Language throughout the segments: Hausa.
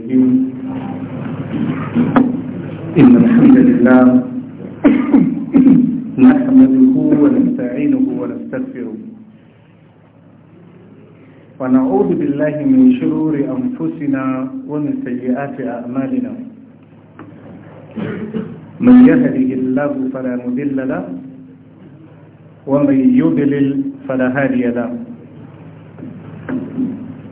إن الحمد لله نحمده ونستعينه ونستغفره ونعوذ بالله من شرور أنفسنا ومن سيئات أعمالنا من يهده الله فلا مذل له ومن يضلل فلا هادي له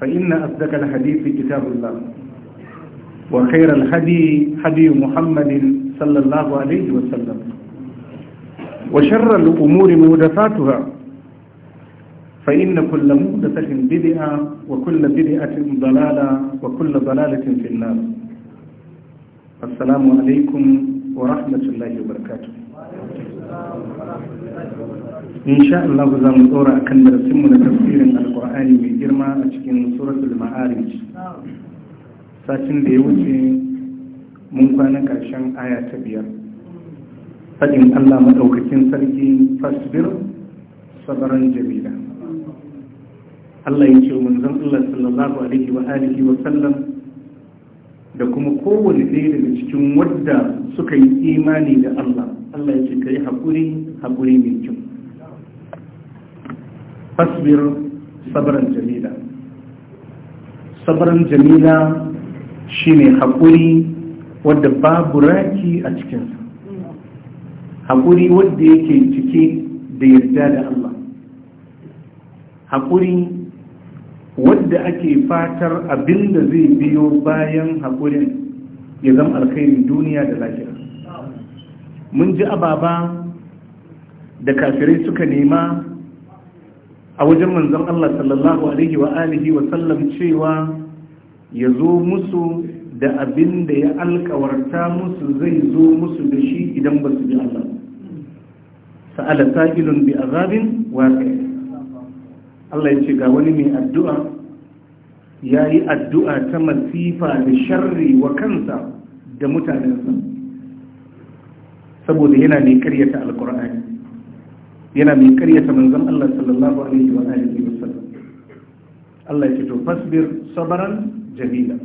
فإن أصدق الحديث كتاب الله وخير الهدي هدي محمد صلى الله عليه وسلم وشر الأمور مهدفاتها فإن كل مهدفة بدعة وكل بدعة ضلالة وكل ضلالة في النار السلام عليكم ورحمة الله وبركاته In insha Allah za mu tsora kan darasinmu na tafsirin alkur'ani mai girma a cikin suratul ma'arij satin da ya wuce mun kwana karshen aya ta biyar faɗin Allah maɗaukakin sarki fasbir sabaran jamila Allah ya ce manzon Allah sallallahu alaihi wa alihi wa sallam da kuma kowane ɗaya daga cikin wadda suka yi imani da Allah Allah ya ce ka yi haƙuri haƙuri mai kyau fasbir sabran jamila sabran jamila shine hakuri wadda babu raki a cikinsa hakuri wadda yake cike da yarda da Allah hakuri wadda ake fatar abinda zai biyo bayan hakuri ya zama alkhairin duniya da lafiya mun ji ababa da kafirai suka nema a wajen manzon Allah sallallahu alaihi wa alihi wa sallam cewa ya zo musu da abin da ya alkawarta musu zai zo musu da shi idan ba su bi Allah sa'ala sa'ilun bi azabin waqi Allah ya ce ga wani mai addu'a yayi addu'a ta masifa da sharri wa kansa da mutanensa saboda yana ne karyata alkur'ani yana mai karyata manzon Allah sallallahu alaihi wa alihi wa sallam Allah ya to fasbir sabaran jamila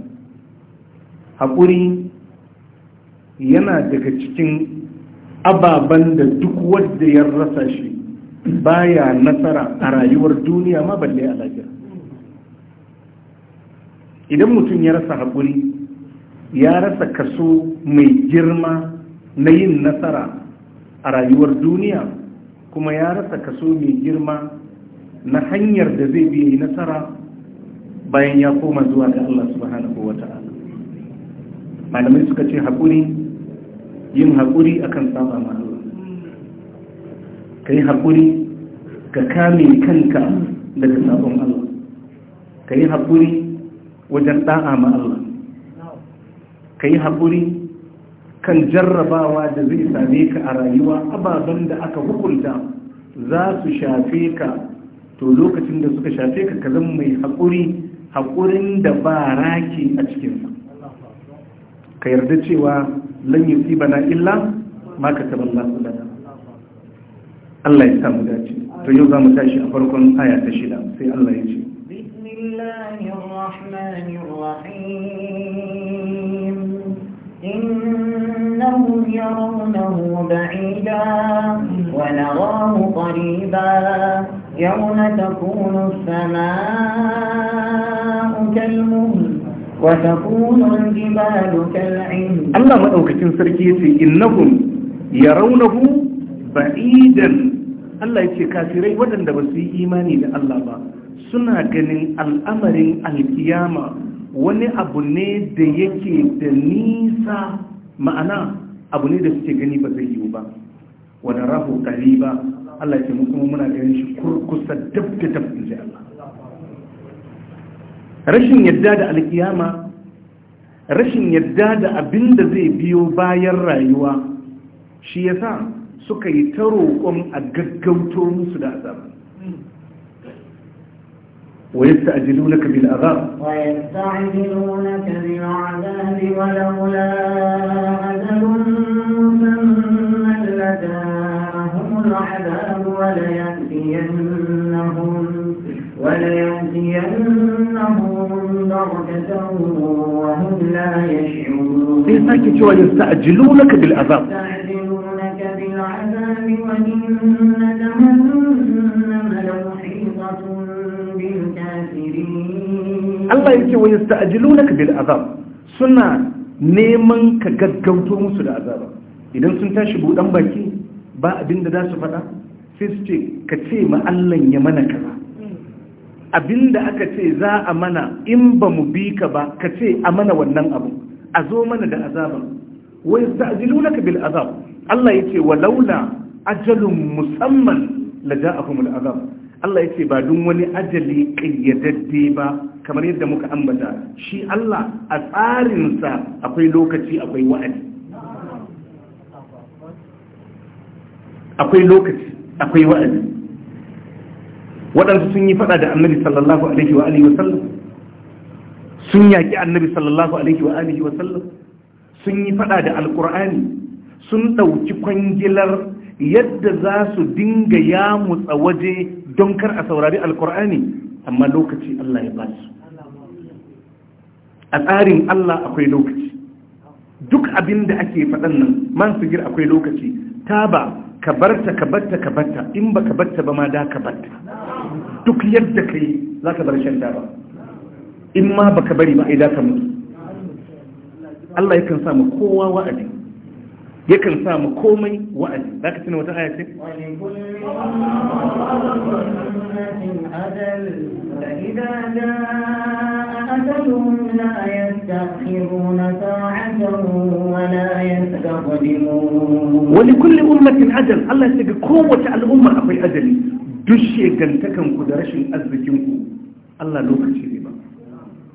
hakuri yana daga cikin ababan da duk wanda ya rasa shi baya nasara a rayuwar duniya ma balle a lafiya idan mutum ya rasa hakuri ya rasa kaso mai girma na yin nasara a rayuwar duniya kuma ya rasa kaso mai girma na hanyar da zai biya yi nasara bayan ya koma zuwa ga Allah subhanahu wa ta'ala malamai suka ce haƙuri yin haƙuri akan saba ma Allah ka yi haƙuri ka kame kanka daga sabon Allah ka yi haƙuri wajen ɗa'a ma'ala Allah ka yi haƙuri kan jarrabawa da zai same ka a rayuwa ababen da aka hukunta za su shafe ka to lokacin da suka shafe ka kazan mai haƙuri haƙurin da ba raki a cikinsa ka yarda cewa lan yi bana illa ma ka taɓa lana Allah ya samu dace to yau za mu tashi a farkon aya ta shida sai Allah ya ce bismillahir يرونه بعيدا ونراه قريبا يوم تكون السماء كالمهل وتكون الجبال كالعين الله ما أوكتن سركيتي إنهم يرونه ba'idan Allah ya ce kafirai waɗanda ba su yi imani da Allah ba suna ganin al'amarin alkiyama wani abu ne da yake da nisa ma'ana abu ne da suke gani ba zai yiwu ba wani rahu ba Allah ya mu kuma muna ganin shi kurkusa dab da dab in ji Allah rashin yadda da alkiyama rashin yadda da abin da zai biyo bayan rayuwa shi yasa suka yi ta roƙon a gaggauto musu da azaba ويستعجلونك بالعذاب ويستعجلونك بالعذاب ولولا أجل مسمى لجاءهم العذاب وليأتينهم وليأتينهم درجة وهم لا يشعرون. يستعجلونك بالعذاب. العذاب وإن جهنم لمحيطة بالكافرين الله يكي ويستأجلونك azab suna neman ka gaggauto musu da azaba idan sun tashi buɗan baki ba abin da za su faɗa sai su ce ka ce ma ya mana ka abin da aka ce za a mana in ba mu bi ka ba ka ce a mana wannan abu a zo mana da azaban wa yasta'jilunaka bil azab Allah yace walaula ajalun musamman la ja'akumul azab Allah yace ba dun wani ajali kayyadadde ba kamar yadda muka ambata shi Allah a tsarinsa akwai lokaci akwai wa'adi akwai lokaci akwai wa'adi waɗansu sun yi faɗa da annabi sallallahu alaihi wa alihi wa sallam sun yaƙi annabi sallallahu alaihi wa alihi wa sallam sun yi fada da alkur'ani sun ɗauki kwangilar yadda za su dinga yamutsa waje don kar a saurari alkur'ani amma lokaci Allah ya ba su a tsarin Allah akwai lokaci duk abin da ake faɗan nan man sigir akwai lokaci ta ba ka barta ka barta ka barta in ba ka barta ba ma da ka barta duk yadda ka yi za ka bar shan ba in ma ba ka bari ba ai da ka mutu Allah yakan sa mu kowa wa'adi yakan sa mu komai wa'adi za ka tuna wata aya ce? فإذا جاء أجلهم لا يستأخرون ساعة ولا يستقدمون ولكل أمة أجل الله يسجد duk shegantakanku da rashin arzikinku Allah lokaci ne ba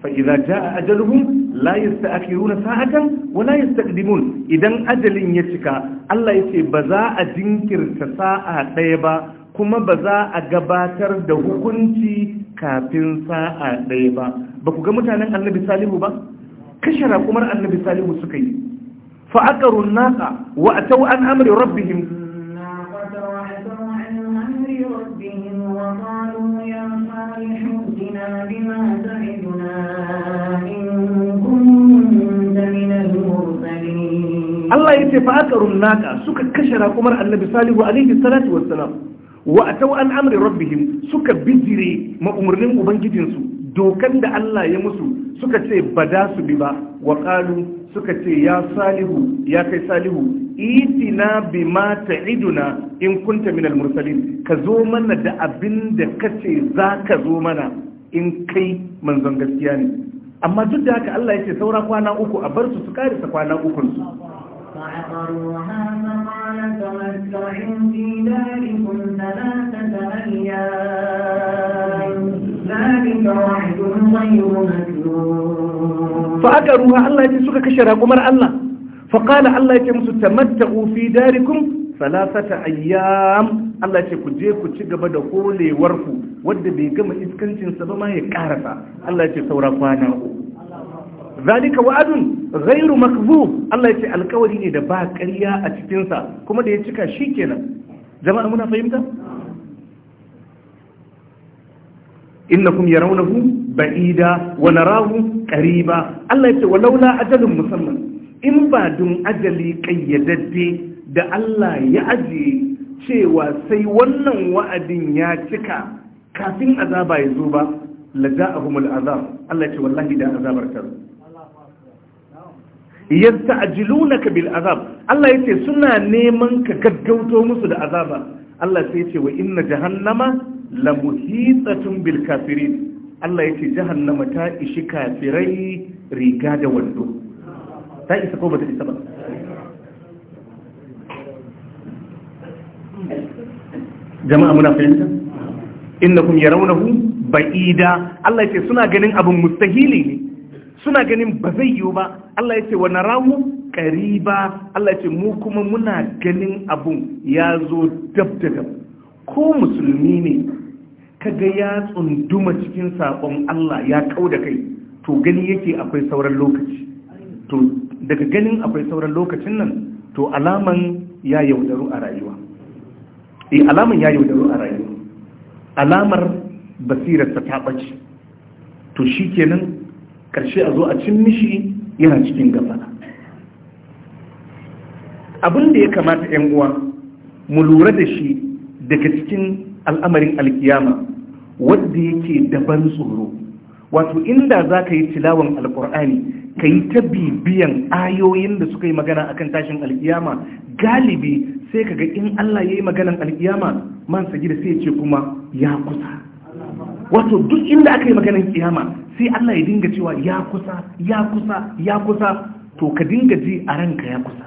فإذا جاء أجلهم لا يستأخرون ساعة ولا يستقدمون إذا أجل يشكى الله يشي بزاء جنكر ساعة طيبة كما بزاء قباتر دهكنتي كافين ساعة طيبة بكو قمتانا النبي صالح با كشرا قمر النبي صالح سكي فأكروا الناقة وأتوا عن أمر ربهم Allah ya ce fa aqarun naqa suka kashe raƙumar annabi salihu alaihi salatu wassalam wa atau an amri rabbihim suka bijire ma'umurnin umarnin ubangijinsu dokan da Allah ya musu suka ce ba da su bi ba wa qalu suka ce ya salihu ya kai salihu itina bima ta'iduna in kunta minal mursalin ka zo mana da abin da kace za ka zo mana in kai manzon gaskiya ne amma duk da haka Allah ya ce saura kwana uku a bar su su karisa kwana ukun su فعقروها فقال تمتعوا في داركم ثلاثة أيام ذلك وعد غير مكذوب فعقروها الله يتسوك كشرها قمر الله فقال الله يتمسوا تمتعوا في داركم ثلاثة أيام الله ce ku je ku قولي ورفو da kolewarku إذ bai سبما يكارفا الله ma ya karasa zalika wa'adun ghairu makzub Allah yace alkawari ne da ba ƙarya a cikin sa kuma da ya cika shikenan jama'a muna fahimta innakum yarawnahu ba'ida wa narahu qariba Allah yace walaula ajalun musamman in ba dun ajali kayyadadde da Allah ya ajiye cewa sai wannan wa'adin ya cika kafin azaba ya zo ba la ja'ahumul azab Allah ce wallahi da azabar ta ka bil azab Allah yace suna neman ka gaggauto musu da azaba Allah sai yace wa inna jahannama la muhitatun bil kafirin Allah yace jahannama ta ishi kafirai riga da wando ta isa ko bata isa ba jama'a muna fahimta innakum yarawnahu ba'ida Allah yace suna ganin abun mustahili ne suna ganin ba zai yiwu ba Allah ya ce wa narahu qariba Allah ya ce mu kuma muna ganin abun ya zo dab da dab ko musulmi ne kaga ya tsunduma cikin sakon Allah ya kau da kai to gani yake akwai sauran lokaci to daga ganin akwai sauran lokacin nan to alaman ya yaudaru a rayuwa eh alaman ya yaudaru a rayuwa alamar basirarsa ta ɓace to shikenan karshe a zo a cin mishi yana cikin gafara abin da ya kamata 'yan uwa mu lura da shi daga cikin al'amarin alkiyama wadda yake daban tsoro wato inda za ka yi tilawan alkur'ani ka yi ta bibiyan ayoyin da suka yi magana a kan tashin alkiyama galibi sai ka ga in allah ya yi maganan alkiyama man sagida sai ce kuma ya kusa wato duk inda aka yi maganan kiyama sai Allah ya dinga cewa ya kusa ya kusa ya kusa to ka dinga ji a ranka ya kusa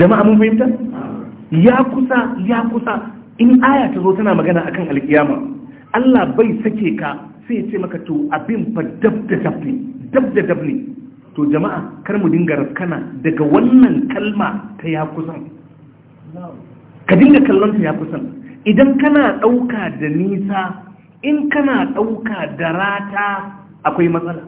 jama'a mun fahimta ya kusa ya kusa in aya ta zo tana magana akan alkiyama Allah bai sake ka sai ya ce maka to abin fa dab da dab ne dab da dab ne to jama'a kar mu dinga rafkana daga wannan kalma ta ya kusan ka dinga kallon ta ya kusan idan kana ɗauka da nisa in kana ɗauka da rata akwai matsala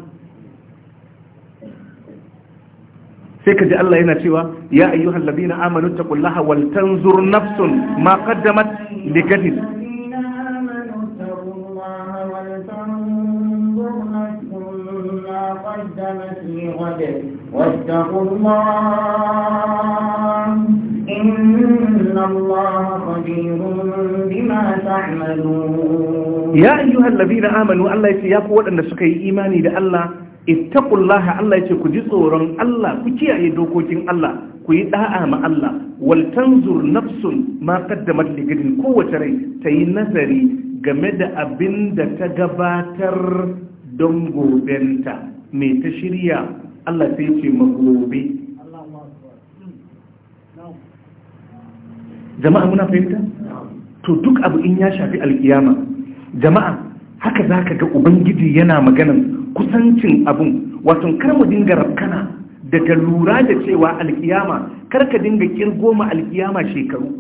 sai ka ji Allah yana cewa ya hallabi na amanu taƙullaha waltan tanzur nafsun ma qaddamat ligadin ya ayyu خبير amanu تعملون يا أيها ya آمنوا الله يسيقوا أن سكي إيماني ittaqullaha Allah yace ku ji tsoron Allah ku kiyaye dokokin Allah ku yi da'a ma Allah wal tanzur nafsun ma qaddamat li gadin kowace rai ta yi nazari game da abinda ta gabatar don gobenta me ta shirya Allah sai ce ma gobe jama'a muna fahimta to duk abu in ya shafi alkiyama jama'a haka za ka ga ubangiji yana maganan kusancin abun wato kar mu dinga rafkana daga lura da cewa alkiyama kar ka dinga kirgo ma alkiyama shekaru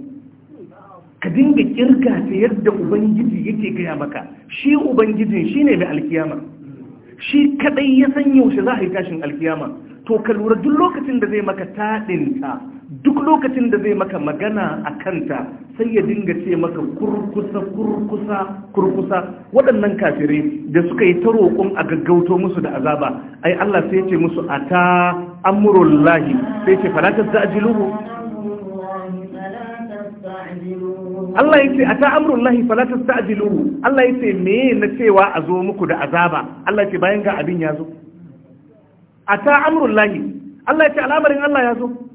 ka dinga kirga ta yadda ubangiji yake gaya maka shi ubangijin shi ne mai alkiyama shi kadai ya san yaushe za a yi tashin alkiyama to ka lura duk lokacin da zai maka taɗinta duk lokacin da zai maka magana a kanta sai ya dinga ce maka kurkusa kurkusa kurkusa waɗannan kafirai da suka yi ta roƙon a gaggauto musu da azaba ai Allah sai ce musu a ta lahi sai ce falatar da luhu Allah ya ce a ta lahi falatar da luhu Allah ya ce me na cewa a zo muku da azaba Allah ya ce bayan ga abin ya zo a ta lahi Allah ya ce al'amarin Allah ya zo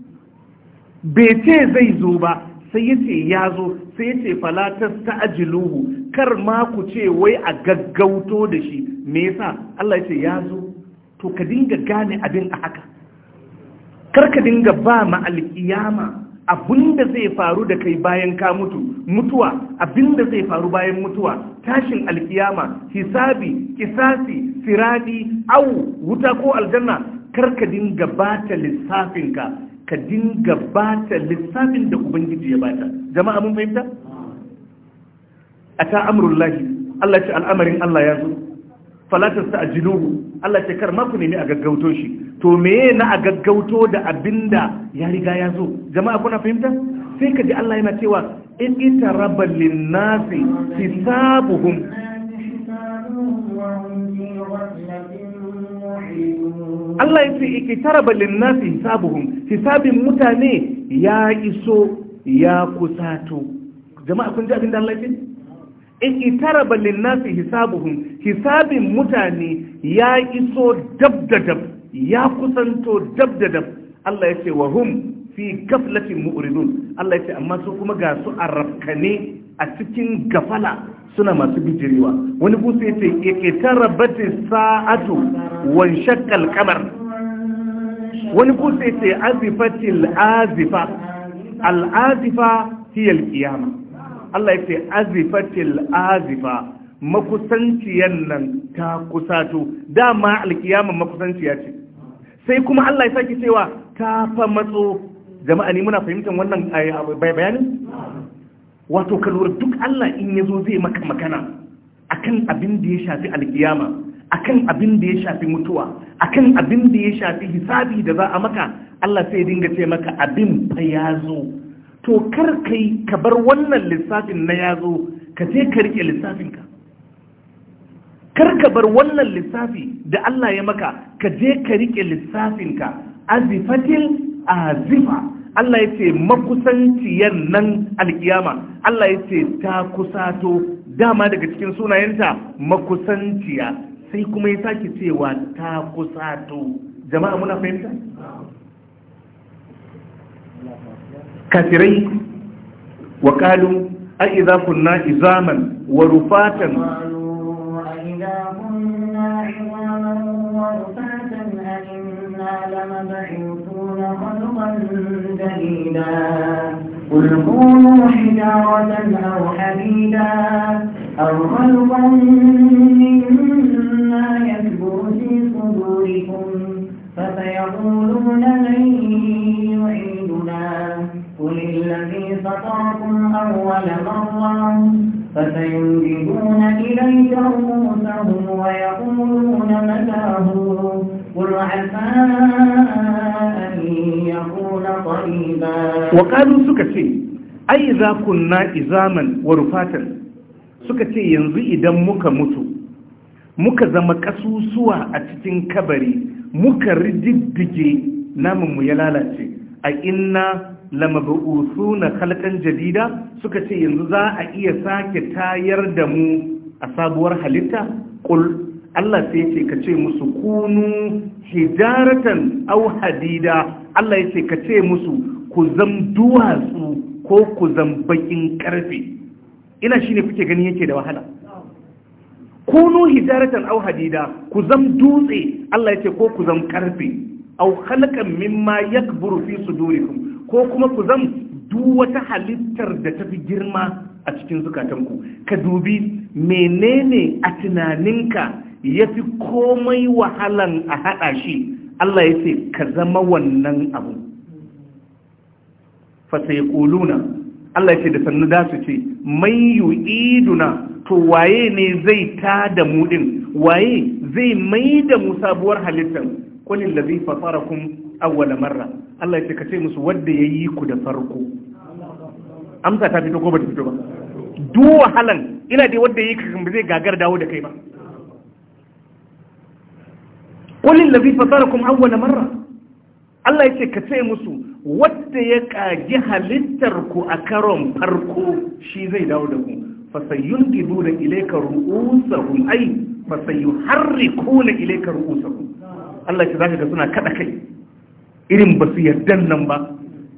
bai ce zai zo ba sai ya ce ya zo sai ya ce falatas ta ajiluhu kar ma ku ce wai a gaggauto da shi me yasa Allah ya ce ya zo to ka dinga gane abin a haka kar ka dinga ba ma alkiyama abinda zai faru da kai bayan ka mutu mutuwa abinda zai faru bayan mutuwa tashin alkiyama hisabi kisasi firadi au wuta ko aljanna ka dinga bata lissafinka ka dinga bata lissafin da ubangiji ya bata jama'a mun fahimta a ta amurullahi Allah ce al'amarin Allah ya zo falatar sa a jinuhu Allah ce kar maku ne a gaggauto shi to meye na a gaggauto da abinda ya riga ya zo jama'a kuna fahimta sai ka ji Allah yana cewa in ita rabalin nasi hisabuhum Allah ya ce ikitaraba linnasi hisabuhum hisabin mutane ya iso ya kusato jama'a kun ji abin da Allah ya ce ikitaraba linnasi hisabuhum hisabin mutane ya iso dab da dab ya kusanto dab da dab Allah ya ce wa hum fi gaflatin mu'ridun Allah ya ce amma su kuma ga su arrafkane a cikin gafala suna masu bijirewa wani busa ya ce ikitara batin sa'atu wan shakkal kamar wani busa ya ce azifatil azifa al'azifa hiyar kiyama Allah ya ce azifatil azifa makusanciyar nan ta kusato dama alkiyama makusanciya ce sai kuma Allah ya sake cewa ta fa matso jama'a ni muna fahimtar wannan eh, bayanin wato ka lura duk Allah in ya zo zai maka magana akan abin da ya shafi alkiyama akan abin da ya shafi mutuwa akan abin da ya shafi hisabi da za a maka Allah sai dinga ce maka abin fa ya zo to kar kai ka bar wannan lissafin na ya zo ka je ka rike lissafinka kar ka bar wannan lissafi da Allah ya maka ka je ka rike lissafin ka azifatil azifa Allah ya ce makusanciyar nan alkiyama Allah ya ce ta kusato dama daga cikin sunayenta makusanciya sai kuma ya sake cewa ta kusato jama'a muna fahimta? kafirai wa kalu a iza izaman wa rufatan جديدا قل كونوا حجارة أو حديدا أو خلقا مما يكبر في صدوركم فسيقولون من يعيدنا قل الذي فطركم أول مرة فسينجدون إليك رؤوسهم ويقولون متى هو وقالوا suka ce ai za kunna izaman wa rufatan suka ce yanzu idan muka mutu muka zama ƙasusuwa a cikin kabari muka rididdige namun mu ya lalace a inna lamabu'usu na khalqan Jarida suka ce yanzu za a iya sake tayar da mu a sabuwar halitta qul Allah sai ce ka ce musu kunu hijaratan au hadida Allah ya ce ka ce musu ku zam duwatsu ko ku zam bakin karfe ina shine kuke gani yake da wahala kunu hijaratan au hadida ku zam dutse Allah ya ce ko ku zam karfe au khalaqan mimma yakburu fi sudurikum ko kuma ku zam wata halittar da ta fi girma a cikin zukatanku ka dubi menene a tunaninka ya fi komai wahalan a haɗa shi Allah ya ce ka zama wannan abu fasa ya Allah ya ce da sannu da su ce mai iduna to waye ne zai ta da mu waye zai mai da mu sabuwar halittar kulin da zai fasara kun awwala marra Allah ya ce ka ce musu wadda ya yi ku da farko amsa ta fito ko ba ta fito ba duk wahalan ina dai wadda ya yi ka zai gagar dawo da kai ba kulin labi kuma awwala marra Allah ce ka ce musu wadda ya kagi halittar ku a karon farko shi zai dawo da ku da fasayunqiduna ilayka harri ay fasayuharrikuna ru'usa ru'usahum Allah za zaka ga suna kaɗa kai irin basu yardan nan ba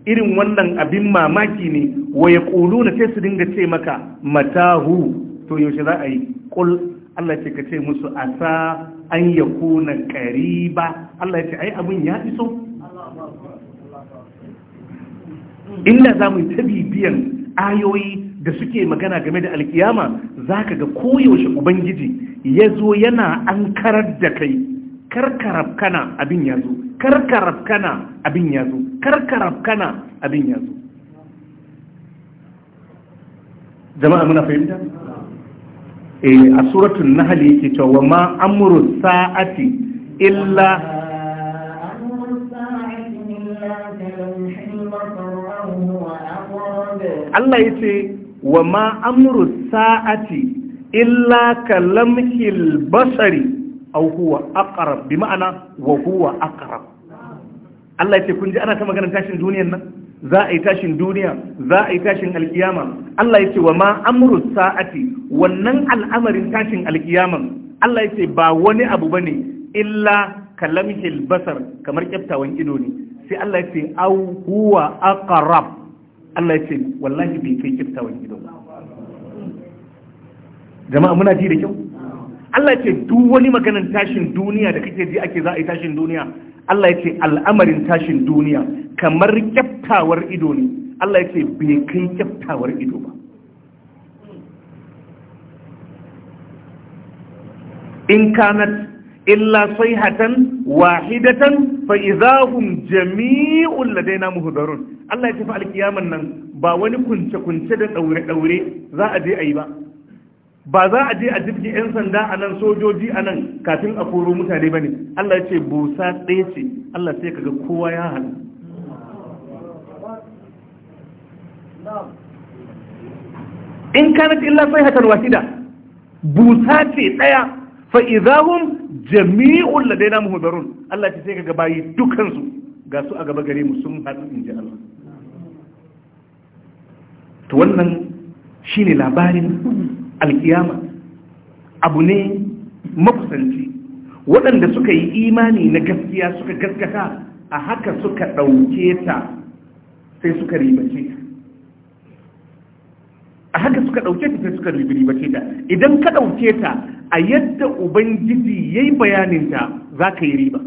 irin wannan abin mamaki ne wa ya ƙulu na sai su dinga ce maka matahu to yaushe za a yi Allah ce ka ce musu a sa an ya kuna ba. Allah ce ai abin ya iso inda za mu ta bibiyan ayoyi da suke magana game da alkiyama za ka ga koyaushe ubangiji ya zo yana an karar da kai karkarab kana abin ya zo karkarab kana abin ya zo karkarab kana abin ya zo jama'a muna fahimta? Eh, a suratul nahl yake cewa ma amuru sa'ati illa Allah ya ce wa ma amuru sa'ati illa kalamhil basari aw huwa aqrab bi ma'ana wa huwa aqrab Allah ce kun ji ana ta maganar tashin duniyar nan za a yi tashin duniya za a yi tashin alkiyama Allah ya ce wa ma amru sa'ati wannan al'amarin tashin alkiyaman Allah ya ce ba wani abu bane illa kalamhil basar kamar kyaftawan ido ne sai Allah ya ce au huwa aqrab Allah ya ce wallahi bai kai kyaftawan ido jama'a muna ji da kyau Allah ce duk wani maganin tashin duniya da kake ji ake za a yi tashin duniya Allah ya ce al'amarin tashin duniya kamar kyaftawar ido ne Allah ya ce bai kai kyaftawar ido ba in kanat illa sayhatan wahidatan fa idahum jami'un ladaina muhdarun Allah ya ce fa alkiyaman nan ba wani kunce kunce da daure daure za a je ayi ba ba za a je a jirgin 'yan sanda a nan sojoji a nan kafin a koro mutane ba ne allah ce busa ɗaya ce allah sai kaga kowa ya hannu in kanat illa sai hatar wahida busa ce ɗaya fa'izahun jami'un ladaina muhudarun allah ce sai kaga bayi dukansu ga su a gaba gare mu sun hatsu in ji allah to wannan shi ne labarin alkiyama abu ne makusanci waɗanda suka yi imani na gaskiya suka gaskata a haka suka ɗauke ta sai suka ribace ta a haka suka ɗauke ta sai suka ribace ta idan ka ɗauke ta a yadda ubangiji ya yi bayaninta za ka yi riba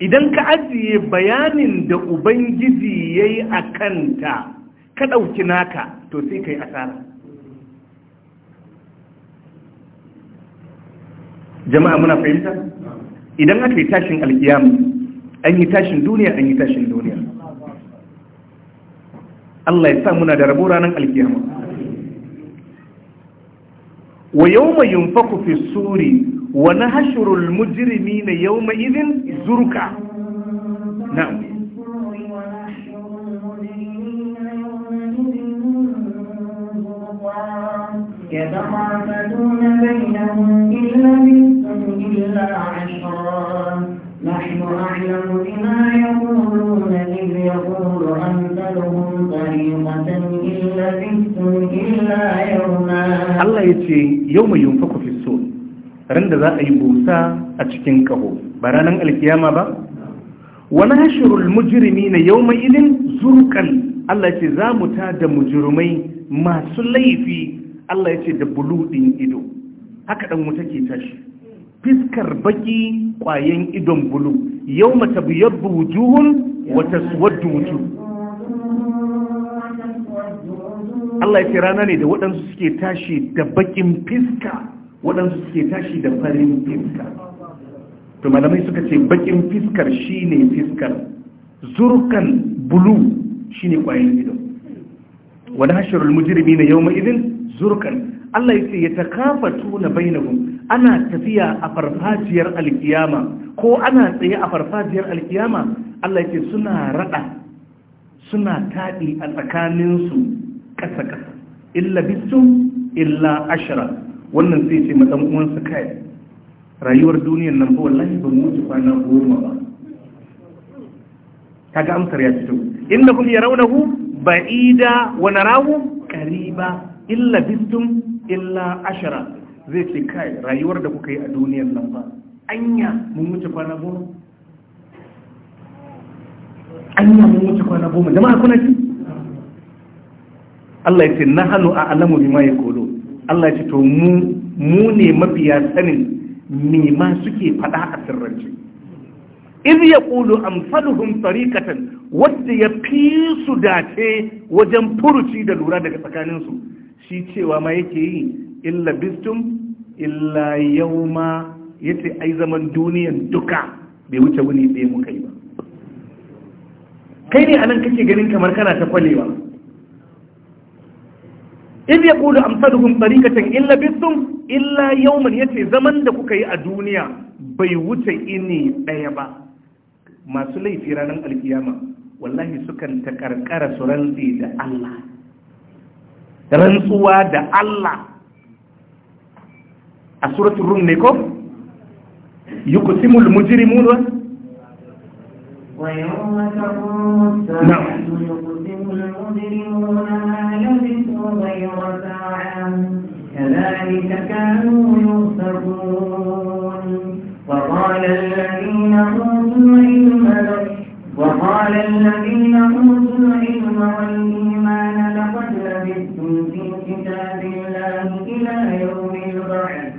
idan ka ajiye bayanin da ubangiji ya yi a kanta ka ɗauki naka to sai ka yi asara jama'a muna fahimta idan aka yi tashin alkiyam an yi tashin duniya an yi tashin duniya Allah ya sa muna da rabo ranar alkiyama wa yawma yunfaku fi suri wa nahshuru al-mujrimina yawma idhin zurqa na'am يتخافتون Allah ya ce yau mai yunfa ku fiso ran da za a yi busa a cikin kaho ba ranar alkiyama ba wani hashirul mujirimi na yau mai ilin zurkan Allah ce za mu ta da mujirmai masu laifi Allah ya ce da buludin ido haka ɗan wuta ke tashi fiskar baki ƙwayen idon bulu yau mata biyar buhujuhun wata suwar dutu. Allah ya ce rana ne da waɗansu suke tashi da bakin fiska waɗansu suke tashi da farin fiska to malamai suka ce bakin fiskar shine fiskar zurkan bulu shi shine kwayan ido wani hasharul mujirmi na yau ma'izin zurkan Allah ya ce ya kafa tuna bainahum ana tafiya a farfajiyar alkiyama ko ana tsaye a farfajiyar alkiyama Allah ya ce suna raɗa, suna taɗi a tsakaninsu kasa kasa illa bisum illa ashara wannan sai ce ma uwansa kai rayuwar duniyar nan ba wallahi ba mu kwana goma ba ta ga amsar ya fito kuma ya ba ida wani rahu ƙari ba illa bisum illa ashara zai ce kai rayuwar da kuka yi a duniyar nan ba anya mun wuce kwana goma anya mun wuce kwana goma jama'a kuna ji Allah ya ce na hannu a alamu ma ya kolo Allah ya ce to mu mu ne mafiya sanin me ma suke faɗa a sirrance in ya kulu amsaluhum tariqatan wadda ya fi su dace wajen furuci da lura daga tsakaninsu shi cewa ma yake yi illa bistum illa yauma yace ai zaman duniyan duka bai wuce wuni ɗaya muka yi ba kai ne anan kake ganin kamar kana ta kwalewa in ya ƙulu amsaduhum tsarikatan illa bisun illa yawman yace zaman da kuka yi a duniya bai wuce ini ɗaya ba masu laifi ranar alkiyama wallahi sukan ta karkara su rantsi da Allah rantsuwa da Allah a suratun rum ne ko yuqsimul mujrimuna ويوم تقوم الساعة نعم. يقسم المجرمون ما لبثوا غير ساعة كذلك كانوا يؤفكون وقال الذين أوتوا العلم وقال الذين أوتوا العلم والإيمان لقد لبثتم في كتاب الله إلى يوم البعث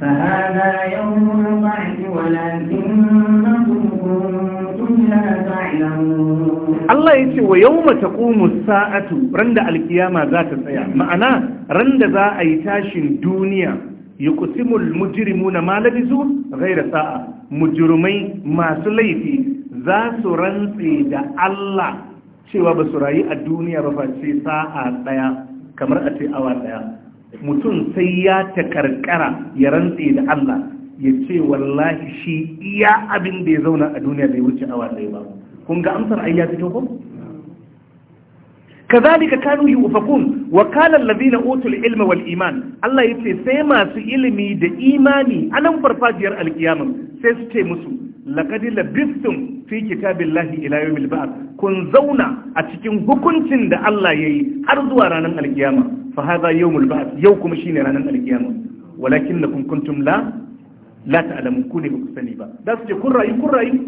فهذا يوم البعث ولكن Allah ya ce wa yau mata ƙumu sa'atu ran da alkiyama za ta tsaya ma'ana randa za a yi tashin duniya ya kusimul mujirimu na malabizu gaira sa'a mujirumai masu laifi za su rantse da Allah cewa ba su rayu a duniya ba face sa'a ɗaya kamar a ce awa ɗaya mutum sai ya ta karkara ya rantse da Allah ya ce wallahi shi iya abin da ya zauna a duniya bai wuce awa ɗaya ba kun ga amsar ai ya fito ko kazalika kanu yufakun wa kana alladhina utul ilma wal iman Allah yace sai masu ilimi da imani anan farfajiyar alkiyama sai su ce musu laqad labistum fi kitabillahi ila yawmil ba'th kun zauna a cikin hukuncin da Allah yayi har zuwa ranar alkiyama fa hadha yawmul ba'th yau kuma shine ranar alkiyama walakinnakum kuntum la la ta'lamun ku ne ba ku sani ba da su ce kun rayu kun rayu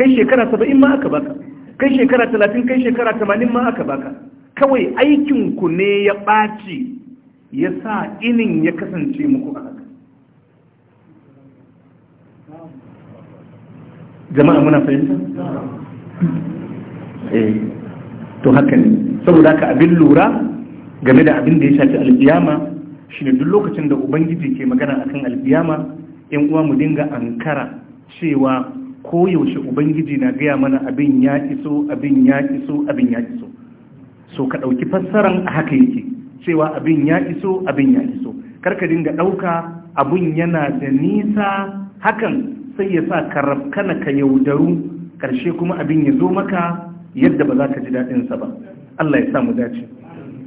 kai shekara saba'in ma aka baka kai shekara talatin kai shekara tamanin ma aka baka kawai aikinku ne ya ɓaci ya sa inin ya kasance muku a haka jama'a muna fahimta? eh to haka ne saboda haka abin lura game da abin da ya shafi shi ne duk lokacin da ubangiji ke magana akan alƙiyama yan uwa mu dinga ankara cewa Koyaushe ubangiji na gaya mana abin ya iso abin ya iso abin ya iso so ka ɗauki fassaran a haka yake cewa abin ya iso abin ya iso karka dinga ɗauka abin yana da nisa hakan sai ya sa ka rafkana ka yaudaru ƙarshe kuma abin ya zo maka yadda ba za ka ji daɗinsa ba Allah ya sa mu dace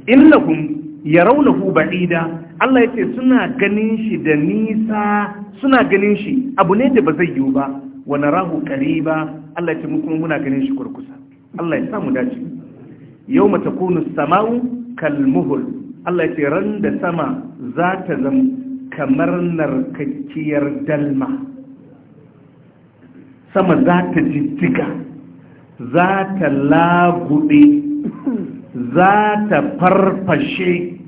innahum yarawnahu ba'ida Allah ya ce suna ganin shi da nisa suna ganin shi abu ne da ba zai yiwu ba wa narahu qariba Allah ce mu kuma muna ganin shi kurkusa Allah ya samu dace yawma takunu samau kal muhul Allah ya ce ran da sama za ta zama kamar narkakkiyar dalma sama za ta jijjiga za ta lagude za ta farfashe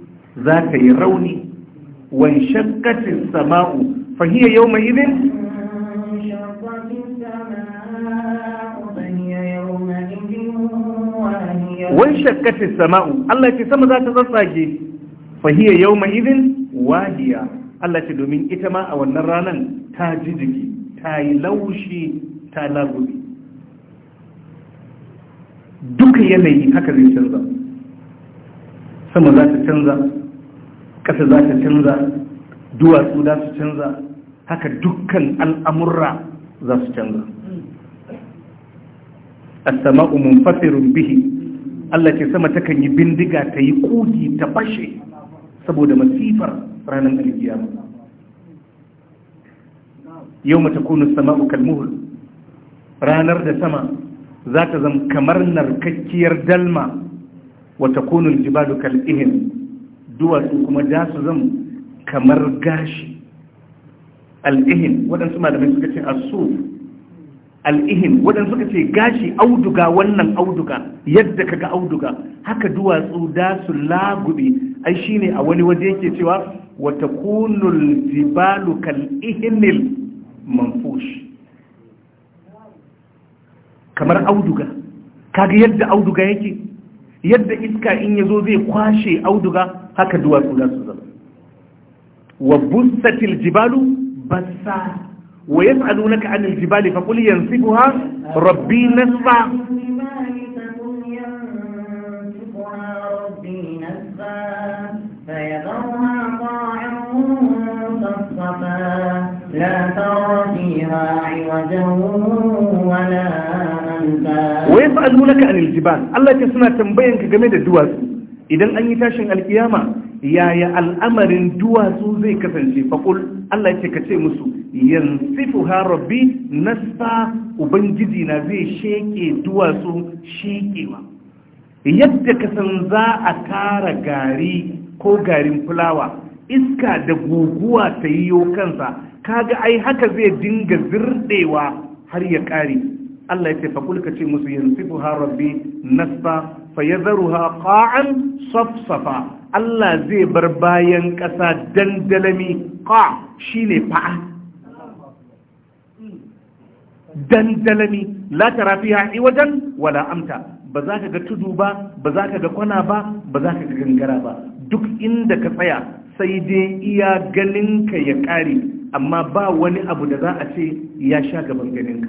za ta yi rauni wan shakkacin sama'u fahiyya yau mai idin wani shakkatin sama'u Allah ce sama za ta fa fahiyar yau ma'izin wahiya Allah ce domin ita ma a wannan ranar ta ji ta yi laushi ta lagubi duka yanayi haka zai canza sama za ta canza ƙasa za ta canza duwatsu za su canza haka dukkan al'amurra za su canza السماء منفطر به Allah ce sama takan yi bindiga ta yi kugi ta fashe saboda masifar ranar alkiyama yau mata kunu sama'u kalmuhul ranar da sama za ta zama kamar narkakkiyar dalma wata kunun jibalu kal'ihin duwatsu kuma za su zama kamar gashi al'ihin waɗansu malamai suka ce asu al'ihin waɗanda suka ce gashi auduga wannan auduga yadda kaga auduga haka duwatsu da su lagube ai shine a wani waje yake cewa wata kunul jibalu kal ihinil manfush kamar auduga kaga yadda auduga yake yadda iska in yazo zai kwashe auduga haka duwatsu da su zama wa bussatil jibalu bassa ويسألونك عن الجبال فقل ينسفها ربي نسفا لا ترى فيها عوجا ولا أنفا ويسألونك عن الجبال الله يسنى تنبينك جميل الدواز إذا أن يتاشن القيامة yaya al'amarin duwatsu zai kasance faƙul Allah ce ka ce musu yansifu ha na nasfa ubangiji na zai sheke duwatsu shekewa yadda ka san za a kara gari ko garin fulawa iska da guguwa ta yi kansa kaga ai haka zai dinga zirɗewa har ya ƙare Allah ya ce faƙul ka ce musu yansifu ha na nasfa fa yadharuha qa'an safsafa Allah zai bar bayan ƙasa dandalami qa shine fa'a dandalami la tara fiha iwajan wala amta ba za ka ga tudu ba ba za ka ga kwana ba ba za ka ga gangara ba duk inda ka tsaya sai dai iya ganinka ya ƙare amma ba wani abu da za a ce ya sha gaban ganinka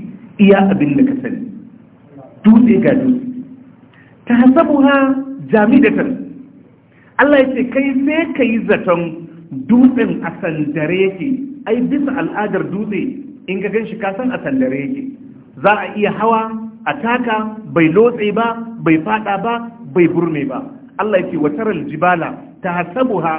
iya abin da ka sani dutse ga dutse ta hasabu ha jami'atan Allah ya ce kai sai ka yi zaton dutsen a sandare yake ai bisa al'adar dutse in ka gan shi kasan a sandare yake za a iya hawa a taka bai lotse ba bai fada ba bai burme ba Allah ya ce wataral jibala ta hasabu ha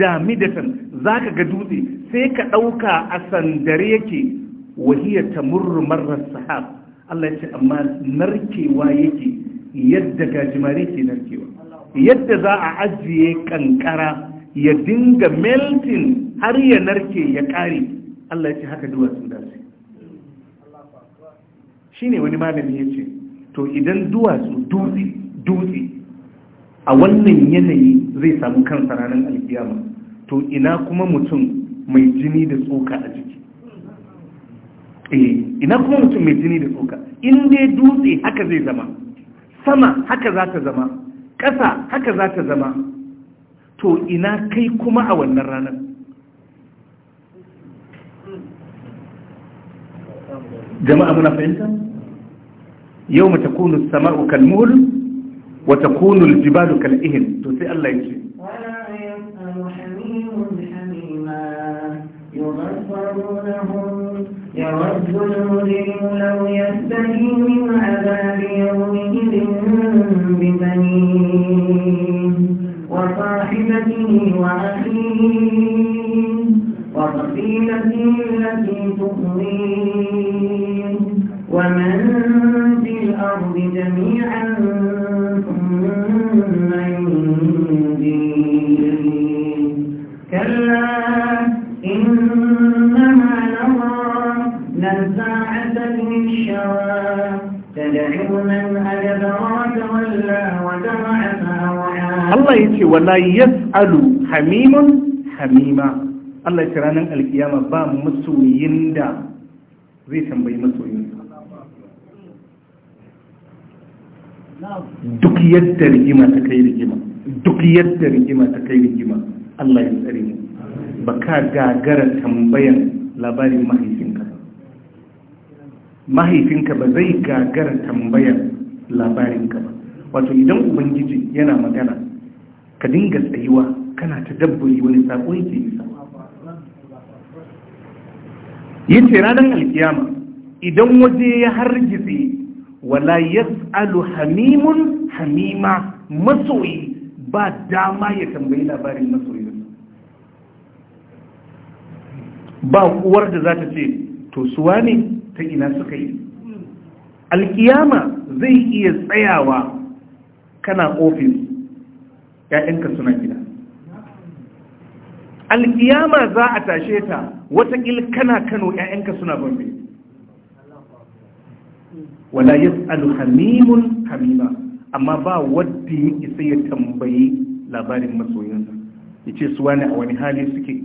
jami'atan za ka ga dutse sai ka ɗauka a sandare yake wahiya tamurru marra sahab Allah ce amma narkewa yake yadda gajimare ke narkewa yadda za a ajiye kankara ya dinga melting har ya narke ya kare Allah ce haka duwatsu da su shine wani malami ya ce to idan duwatsu dutse dutse a wannan yanayi zai samu kansa ranar alkiyama to ina kuma mutum mai jini da tsoka a jiki Eh, ina kuma mutum mai jini da tsoka in dai dutse haka zai zama sama haka za ta zama ƙasa haka za ta zama to ina kai kuma a wannan ranar jama'a muna fahimta yau mata kunu sama'u kalmul wata kunu jibalu kal'ihin to sai Allah ya ce ولا يسأل حميم حميما يغفر له يود المجرم لو يستهي من عذاب يومئذ ببنيه وصاحبته وأخيه وقبيلته التي تقضيه ومن في الأرض جميعا wala yas'alu hamimun hamima Allah ya nan alkiyama ba masoyin da zai tambayi masoyinsa duk yadda rigima ta kai rigima duk yadda rigima ta kai rigima Allah ya tsare mu ba ka gagara tambayan labarin mahaifinka mahaifinka ba zai gagara tambayan labarinka ba wato idan ubangiji yana magana ka dinga tsayuwa kana ta dabbari wani sako yake isa ce ranar alkiyama idan waje ya hargitse wala yas'alu hamimun hamima masoyi ba dama ya tambayi labarin masoyi ba uwar da za ta ce to suwa ne ta ina suka yi alkiyama zai iya tsayawa kana ofis ‘ya'yanka suna gida alkiyama za a tashe ta wata kana kano ‘ya'yanka suna bambe wala ya alhamimun hamima amma ba wadda ya isa ya tambayi labarin masoyinsa ya ce suwa ne a wani hali suke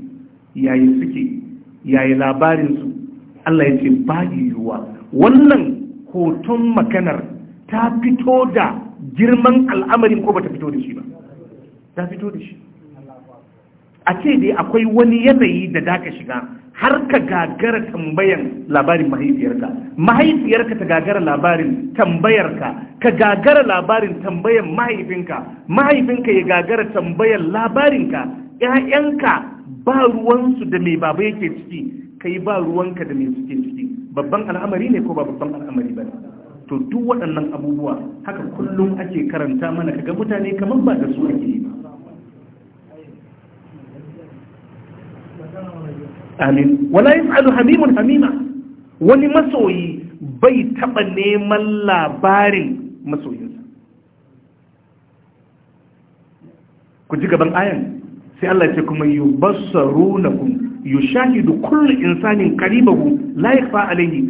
yayi suke yayi labarinsu Allah ya ce ba yiwuwa wannan hoton makanar ta fito da girman al'amarin ko ba ta fito da shi ba ta fito da shi a ce dai akwai wani yanayi da daka shiga har ka gagara tambayan labarin mahaifiyarka mahaifiyarka ta gagara labarin tambayarka ka gagara labarin tambayan mahaifinka mahaifinka ya gagara tambayan labarinka yayanka ba ruwansu da mai baba yake ciki kai ba ruwanka da mai suke ciki babban al'amari ne ko ba babban al'amari ba to duk waɗannan abubuwa haka kullum ake karanta mana kaga mutane kamar ba da su ake yi ba amin wala tsadu hamimun hamima wani masoyi bai taɓa neman labarin masoyinsa ku ji gaban ayan sai Allah ce kuma yubassarunakum yushahidu kullu insanin qaribahu la yakfa alayhi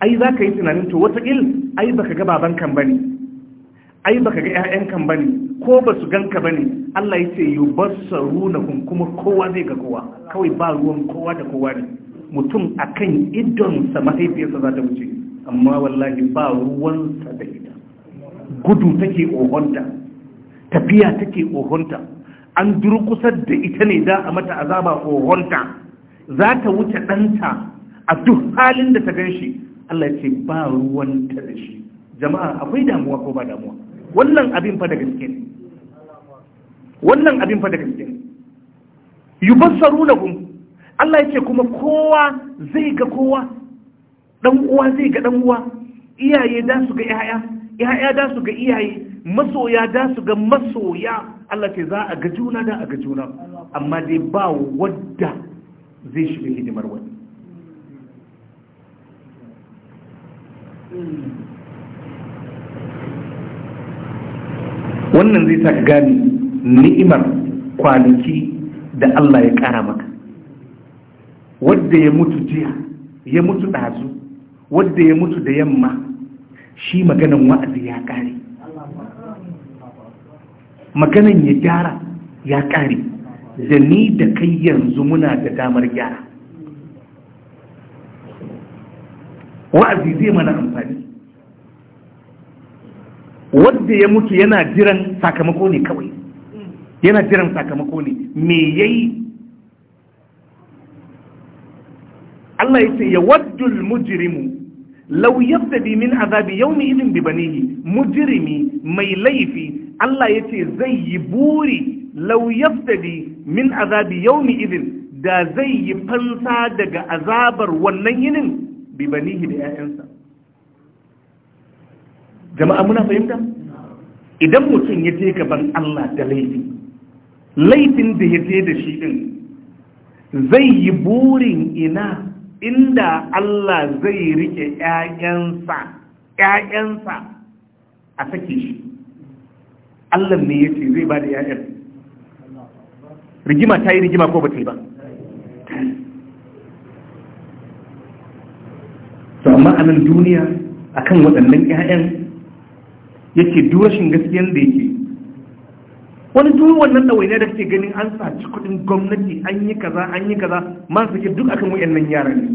ai za ka yi tunanin to wata il ai baka ga baban kan bane ai baka ga 'ya'yankan kan bane ko ba su ganka ba ne Allah ya ce yi basaru na kuma kowa zai ga kowa kawai ba ruwan kowa da kowa ne mutum a kan idonsa mahaifiyarsa za ta wuce amma wallahi ba ruwansa da ita gudu take ohonta tafiya take ohonta an durkusar da ita ne da a mata azaba ohonta za ta wuce ɗanta a duk halin da ta gan shi Allah ya ce ba ruwanta da shi jama'a akwai damuwa ko ba damuwa wannan abin fa da gaske ne wannan abin fa da gaske ne yubassarunahum Allah yake kuma kowa zai ga kowa dan uwa zai ga dan uwa iyaye da su ga yaya yaya da su ga iyaye masoya da su ga masoya Allah ce za a ga juna da a ga juna amma dai ba wadda zai shiga hidimar wani wannan zai sa gane ni'imar kwanaki da Allah ya ƙara maka wadda ya mutu jiya ya mutu ɗazu wadda ya mutu da yamma shi maganan wa'azi ya ƙare maganan ya gyara ya ƙare da ni da kai yanzu muna da damar gyara wa'azi zai mana amfani Wadda ya mutu yana jiran sakamako ne kawai yana jiran sakamako ne me yayi Allah ya ce ya waddul mujrimu law yabtadi min azabi yawmi idin bi banihi mujrimi mai laifi Allah ya ce zai yi buri law yabtadi min azabi yawmi idin da zai yi fansa daga azabar wannan yinin bi banihi da 'ya'yansa jama'a muna fahimta idan mutum ya je gaban Allah da laifi laifin da ya je da shi din zai yi burin ina inda Allah zai rike ƴaƴansa ƴaƴansa a sake shi Allah ne yake zai ba da ƴaƴan rigima ta yi rigima ko ba ta yi ba to amma a nan duniya akan waɗannan ƴaƴan yake durashin gaskiyar da yake wani duk wannan waina da ke ganin an saci kudin gwamnati an yi kaza an yi kaza su ke duk akan wayannan yara ne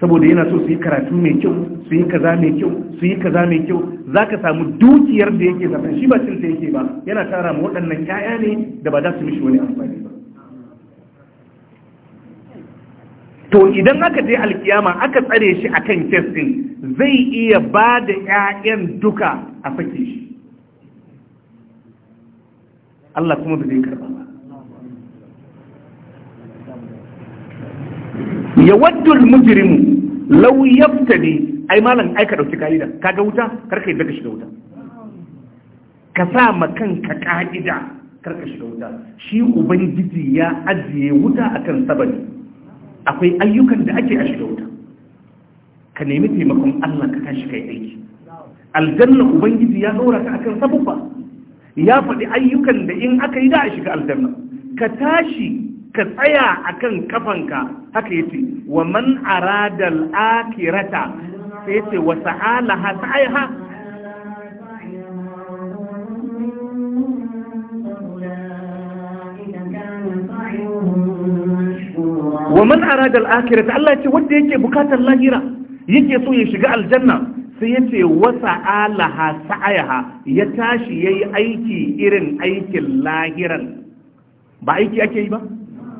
saboda yana so su yi karatu mai kyau su yi kaza mai kyau su yi kaza mai kyau za ka samu dukiyar da yake zafin shi ba cinta yake ba yana tara ma waɗannan 'ya'ya ne da ba za su mishi wani amfani to idan aka je alkiyama aka tsare shi akan kes din zai iya ba da 'ya'yan duka a sake shi Allah kuma bai karba ya waddul mujrimu law ne. ai malam ai ka dauki ka kaga wuta karka yadda ka shiga wuta ka sa ma kanka ka'ida karka shiga wuta shi ubangiji ya ajiye wuta akan sabani akwai ayyukan da ake a shiga wuta ka nemi taimakon Allah ka tashi kai aiki aljanna ubangiji ya dora ka akan sabuwa ya faɗi ayyukan da in aka yi da a shiga aljanna ka tashi ka tsaya akan kafanka haka yace wa man arada al-akhirata sai yace wa sa'alaha sa'iha wa man arada al-akhirata Allah ya ce wanda yake bukatar lahira yake so ya shiga aljanna sai ya ce wasa alaha sa'ayaha ya tashi yayi aiki irin aikin lahiran ba aiki ake yi ba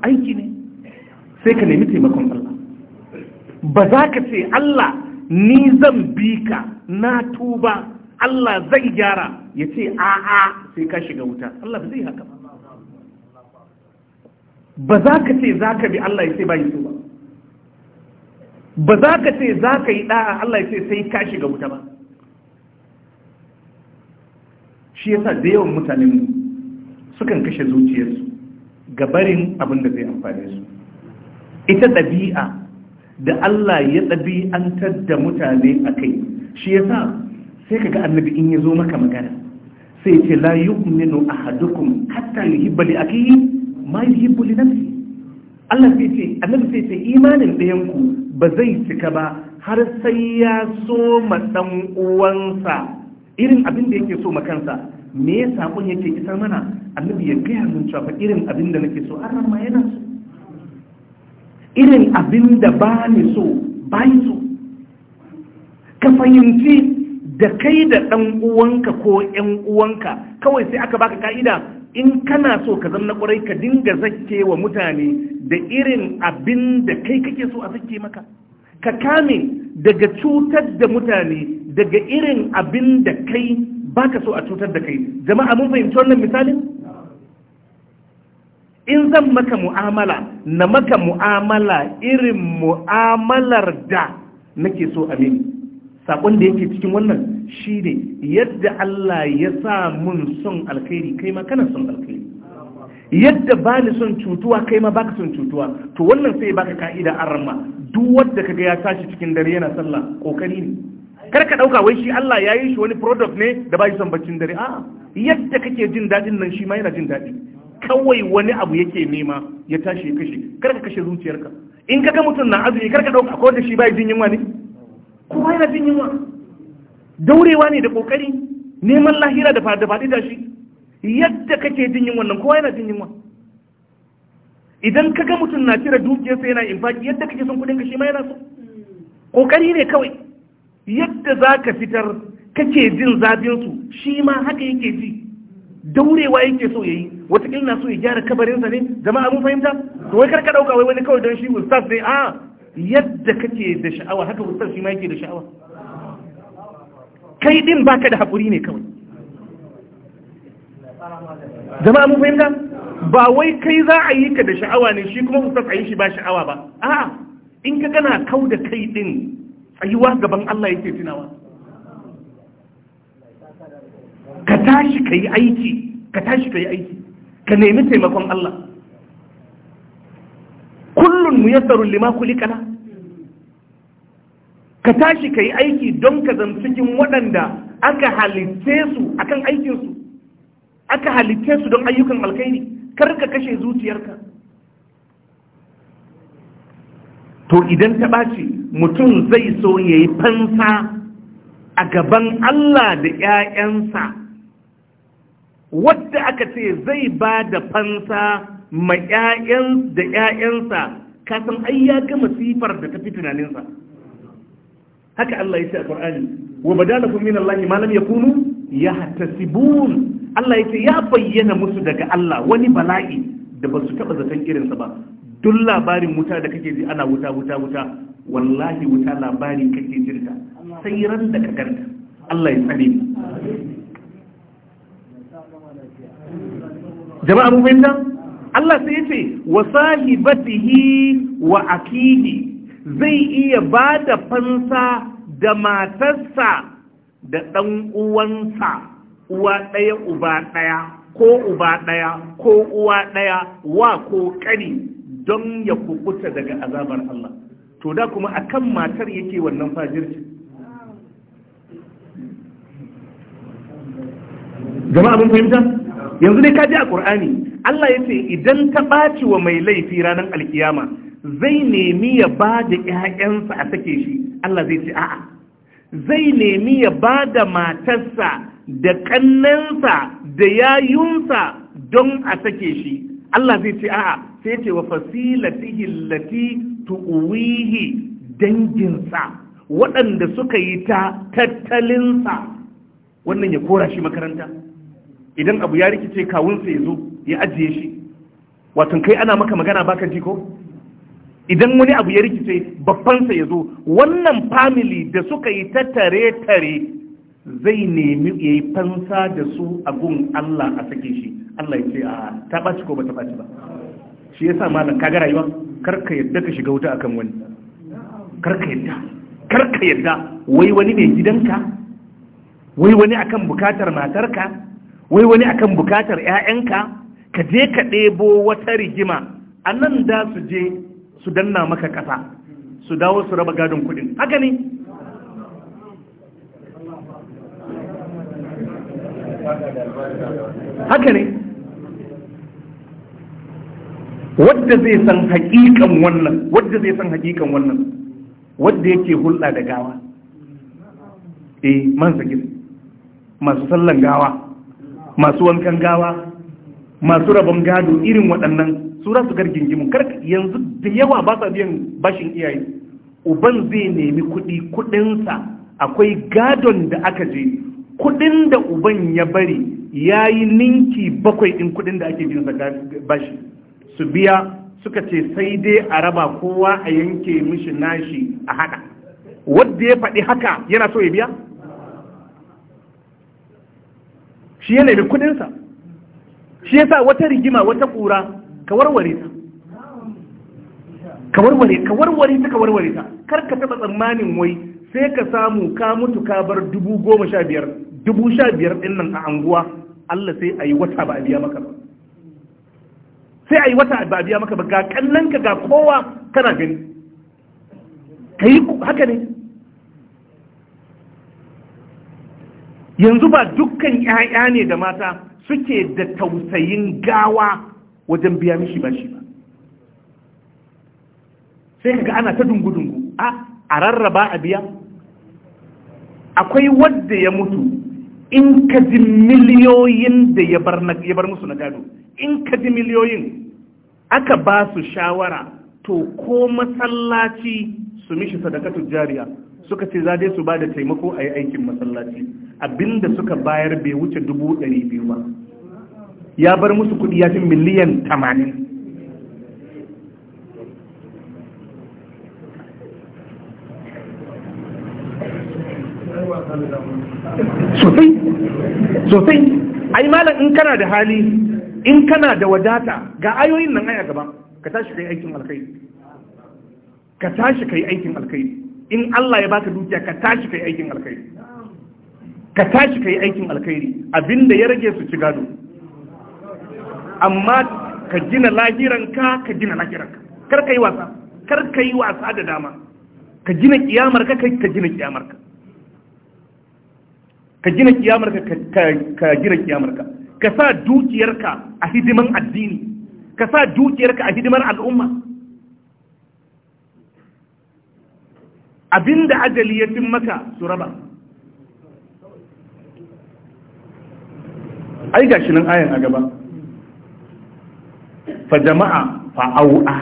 aiki ne sai ka nemi taimakon Allah ba za ka ce Allah ni zan bi ka na tuba Allah zai gyara ya ce a'a sai ka shiga wuta Allah ba zai haka ba ba za ka ce za ka bi Allah ya ce ba yi so ba ba za ka ce za ka yi ɗa'a Allah ya ce sai ka shiga wuta ba shi yasa da yawan mutanen sukan kashe zuciyarsu gabarin abin da zai amfani su ita ɗabi'a da Allah ya ɗabi'antar da mutane a kai shi yasa sai kaga annabi in ya zo maka magana sai ce la a ahadukum hatta bali a akhihi ma buli na fi Allah sai ce annabi sai ce imanin ɗayan ku ba zai cika ba har sai ya so ma dan uwansa irin abin da yake so ma kansa me ya sakon yake isa mana annabi ya kai mun cewa irin abin da nake so an ma yana so irin abin da ba ni so ba yi so ka fahimci da kai da ɗan uwanka ko ‘yan uwanka kawai sai aka baka ka'ida in kana so ka zama na kwarai ka dinga zakke wa mutane da irin abin da kai kake so a zakke maka ka kame daga cutar da mutane daga irin abin da kai baka so a cutar da kai jama'a mun fahimci wannan misalin in zan maka mu'amala na maka mu'amala irin mu'amalar da nake so a mini sakon da yake cikin wannan Shi ne yadda Allah ya sa mun son alkhairi kai ma kana son alkhairi yadda ba ni son cutuwa kai ma baka son cutuwa to wannan sai baka ka'ida arma duk wanda kaga ya tashi cikin dare yana sallah kokari ne kar ka dauka wai shi Allah ya yi shi wani product ne da bai son baccin dare a'a yadda kake jin dadin nan shi ma yana jin dadi kawai wani abu yake nema ya tashi ya kashe kar ka kashe zuciyarka in kaga mutum na azumi kar ka dauka ko da shi bai jin yunwa ne kowa yana jin yunwa daurewa ne da kokari neman lahira da faɗi da shi yadda kake jin yin wannan kowa yana jin yin wa idan ka ga mutum na cire sai yana infaki yadda kake son kudin ka shi ma yana so kokari ne kawai yadda za ka fitar kake jin su shi ma haka yake ji daurewa yake so ya yi watakil na so ya gyara kabarinsa ne jama'a mun fahimta to wai karka dauka wai wani kawai don shi ustaz ne a yadda kake da sha'awa haka ustaz shi ma yake da sha'awa kai din baka da haƙuri ne kawai zama mun fahimta ba wai kai za a yi ka da sha'awa ne shi kuma ustaz a yi shi ba sha'awa ba a'a in ka gana kau da kai din tsayuwa gaban Allah yake tunawa ka tashi ka yi aiki ka tashi ka yi aiki ka nemi taimakon Allah kullun muyassaru lima kuli kana. ka tashi ka yi aiki don ka zan cikin waɗanda aka halitte su kan aikinsu aka halitte su don ayyukan alkhairi kar ka kashe zuciyarka to idan ta ɓaci mutum zai so ya yi fansa a gaban Allah da ‘ya'yansa wadda aka ce zai ba da fansa ma da ‘ya'yansa kasan ai ya gama sifar da ta fi tunaninsa haka Allah ya ce a Qur'ani wa badalakum min Allah ma lam yakunu yahtasibun Allah ya ce ya bayyana musu daga Allah wani bala'i da ba su taba zaton irinsa ba duk labarin wuta da kake ji ana wuta wuta wuta wallahi wuta labari kake jirta sai ran da ka ganta Allah ya tsare mu jama'a mu Allah sai ya ce wa sahibatihi wa akihi zai iya ba da fansa da matarsa da ɗan uwansa uwa ɗaya uba ɗaya ko uba ɗaya ko uwa ɗaya wa ko ƙari don ya kukuta daga azabar Allah to da kuma akan matar yake wannan fajirci Gama abin fahimta yanzu dai kaji a ƙur'ani Allah ya ce idan ta ɓaci wa mai laifi ranar alkiyama zai nemi ya ba da ‘ya'yansa a sake shi Allah zai ce a'a zai nemi ya ba da matarsa da ƙannansa da yayunsa don a sake shi Allah zai ce a'a sai ce wa fasilatihi lati tu'wihi danginsa waɗanda suka yi ta tattalinsa wannan ya kora shi makaranta idan abu ya rikice kawunsa ya zo ya ajiye shi watan kai ana maka magana baka ji ko idan wani abu ya rikice babbansa ya zo wannan family da suka yi ta tare-tare zai nemi ya yi fansa da su a gun Allah a sake shi Allah ya ce a taɓa ko ba taɓa ba shi ya sa malam kaga rayuwa karka yadda ka shiga wuta akan wani karka yadda karka yadda wai wani mai gidanka wai wani akan bukatar matarka wai wani akan bukatar 'ya'yanka ka je ka ɗebo wata rigima a nan da su je su danna maka ƙasa su dawo su raba gadon kuɗin haka ne haka ne wadda zai san hakikan wannan wadda zai san hakikan wannan wadda yake hulɗa da gawa eh man zagin masu sallan gawa masu wankan gawa masu rabon gado irin waɗannan su za su kar yanzu da yawa ba sa biyan bashin iyaye uban zai nemi kuɗi kuɗinsa akwai gadon da aka je kuɗin da uban ya bari ya yi ninki bakwai ɗin kuɗin da ake sa bashi su biya suka ce sai dai a raba kowa a yanke mishi nashi a haɗa wadda ya faɗi haka yana so ya biya shi ya nemi kuɗinsa shi ya sa wata rigima wata ƙura ka warware ta ka warware ta kar ka taɓa tsammanin wai sai ka samu ka mutu ka bar dubu goma sha biyar dubu sha biyar ɗin nan a anguwa Allah sai a yi wata ba a biya maka ba sai a yi wata ba a biya maka ba ga kallon ka ga kowa kana gani ka yi haka ne yanzu ba dukkan 'ya'ya ne da mata suke da tausayin gawa wajen biya mishi ba shi ba sai kaga ana ta dungu-dungu a a rarraba a biya akwai wadda ya mutu in ka ji miliyoyin da ya bar musu na gado in ka ji miliyoyin aka ba su shawara to ko masallaci su mishi sadakatu jariya suka ce za dai su ba da taimako a yi aikin masallaci abinda suka bayar bai wuce dubu ɗari biyu ba ya bar musu kudi ya fi miliyan tamanin. sosai sosai ai malam in kana da hali in kana da wadata ga ayoyin nan aya gaba ka tashi kai aikin alkai ka tashi kai aikin alkai in Allah ya baka dukiya ka tashi kai aikin alkai ka tashi kai aikin alkhairi abinda ya rage su ci gado amma ka gina lahiranka ka gina lahiranka kar ka yi wasa kar ka yi wasa da dama ka gina kiyamarka ka gina kiyamarka ka gina kiyamarka ka gina kiyamarka ka sa dukiyarka a hidiman addini ka sa dukiyarka a hidiman al'umma abinda ajali ya fi maka su raba ai gashi nan ayan a gaba fa jama'a fa au'a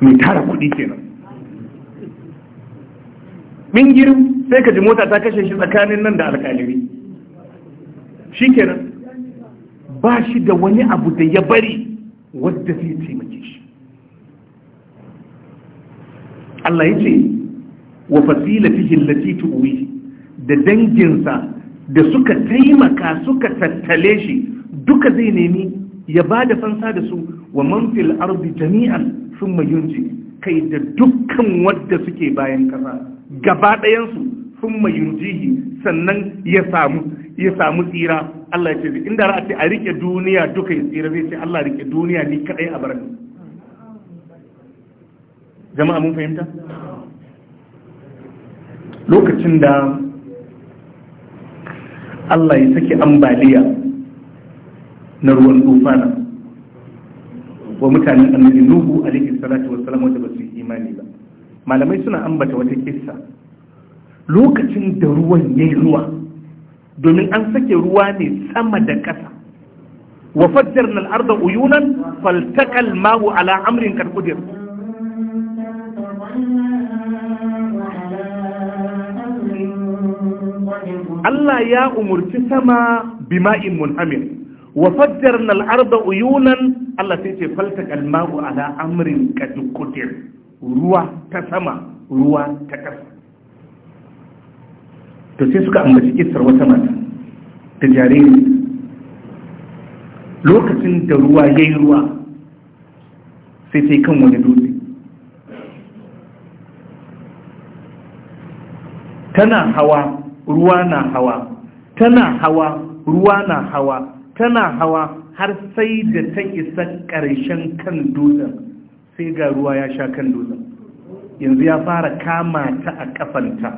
mai tara kuɗi kenan ɓingirin sai ka ji mota ta kashe shi tsakanin nan da alƙaliri shi kenan ba shi da wani abu da ya bari wadda zai taimake shi Allah ya ce wa fasilatihi allati tuwi da danginsa da suka taimaka suka tattale shi duka zai nemi ya ba da fansa da su wa man arzi jami'an sun mayunci kai da dukkan wadda suke bayan kasa gaba ɗayansu sun thumma sannan ya samu ya samu tsira Allah ya ce inda ra'a ce a rike duniya duka ya tsira zai ce Allah rike duniya ni kadai a barni jama'a mun fahimta lokacin da Allah ya saki ambaliya na ruwan tufana wa mutanen annabi nuhu alaihi salatu wassalam wanda ba su yi imani ba malamai suna ambata wata kissa lokacin da ruwan yi ruwa domin an sake ruwa ne sama da ƙasa wa fajjarna al-arda uyunan faltaqa al ala amrin kad Allah ya umurci sama bima'in munhamir wa fajjarna al-arda uyunan Allah sai ce faltaqal ma'u ala amrin qad ruwa ta sama ruwa ta ƙasa to sai suka ambaci kissar wata mata da jariri lokacin da ruwa yayi ruwa sai sai kan wani dutse tana hawa ruwa na hawa tana hawa ruwa na hawa tana hawa har sai da ta isa ƙarshen kan dutsen sai ga ruwa ya sha kan dutsen yanzu ya fara kama ta a ƙafanta,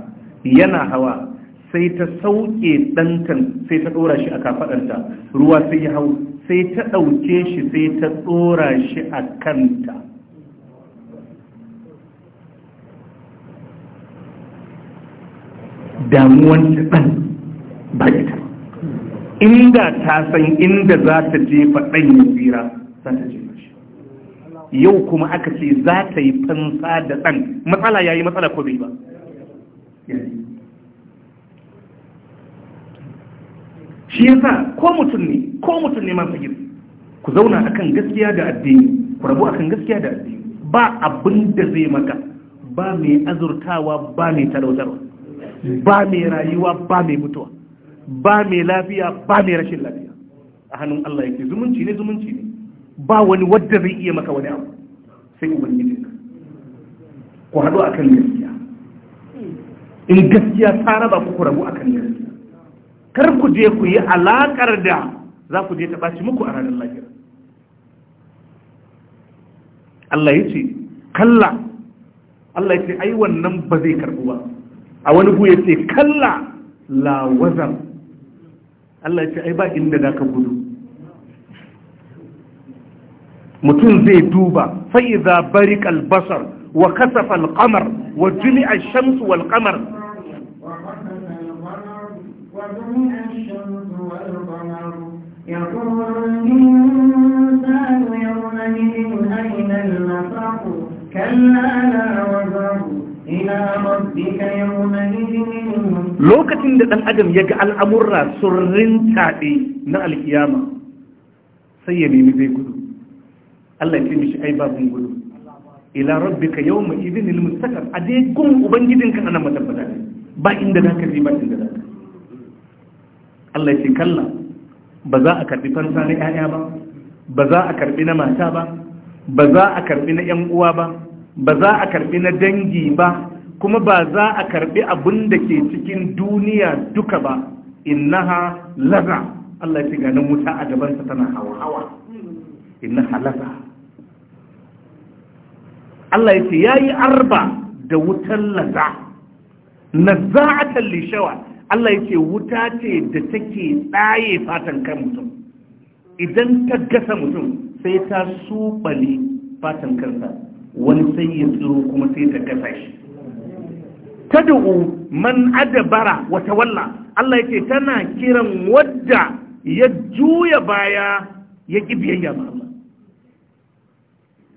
yana hawa sai ta sauke ɗantan sai ta ɗora shi a kafaɗanta ruwa sai ya hau sai ta ɗauke shi sai ta ɗora shi a kanta damuwan ta ɗan ba ita inda ta san inda za ta jefa ɗanyen tsira za ta jefa shi yau kuma aka ce za ta yi fansa da ɗan matsala ya yi matsala ko bai ba shi yasa ko mutum ne ko mutum ne masu gir ku zauna akan gaskiya da addini ku rabu akan gaskiya da addini ba abin da zai maka ba mai azurtawa ba mai talautarwa ba mai rayuwa ba mai mutuwa ba mai lafiya ba mai rashin lafiya a hannun Allah yake zumunci ne zumunci ne ba wani wadda zai iya maka wani abu sai ubangiji ku haɗu akan gaskiya in gaskiya ta raba ku rabu akan gaskiya kar ku je ku yi alakar da za ku je ta ɓaci muku a ranar lafiya Allah ya ce kalla Allah ya ce ai wannan ba zai karɓu ba a wani ya ce kalla la wazan Allah ya ce ai ba inda za ka gudu mutum zai duba fa'iza bari kalbasar wa kasafa alkamar wa juli a shamsu walkamar كلا لا وزر lokacin da ɗan adam ya ga al'amurra surrin rintaɗe na alkiyama sai ya nemi zai gudu Allah ce mishi ai babin gudu ila rabbi ka yau mai izini ilmustakar a dai gun ubangijinka ana matabbata ba inda za ka zai ba inda za ka Allah ya ce kalla ba za a karɓi fansa na 'ya'ya ba ba za a karɓi na mata ba ba za a karɓi na 'yan uwa ba ba za a karbi na dangi ba kuma ba za a karbi abin da ke cikin duniya duka ba Inna ha laza Allah ya ganin wuta a gabansa tana hawa hawa Inna ha laza Allah ya ce ya yi arba da wutan laza a talle shawa. Allah ya ce wuta ce da take tsaye fatan kan mutum idan ta gasa mutum sai ta suɓale fatan kansa wani sai ya tsiro kuma sai ta gasa shi tad'u man adbara wa tawalla Allah yake tana kiran wadda ya juya baya ya ƙi biyayya ma Allah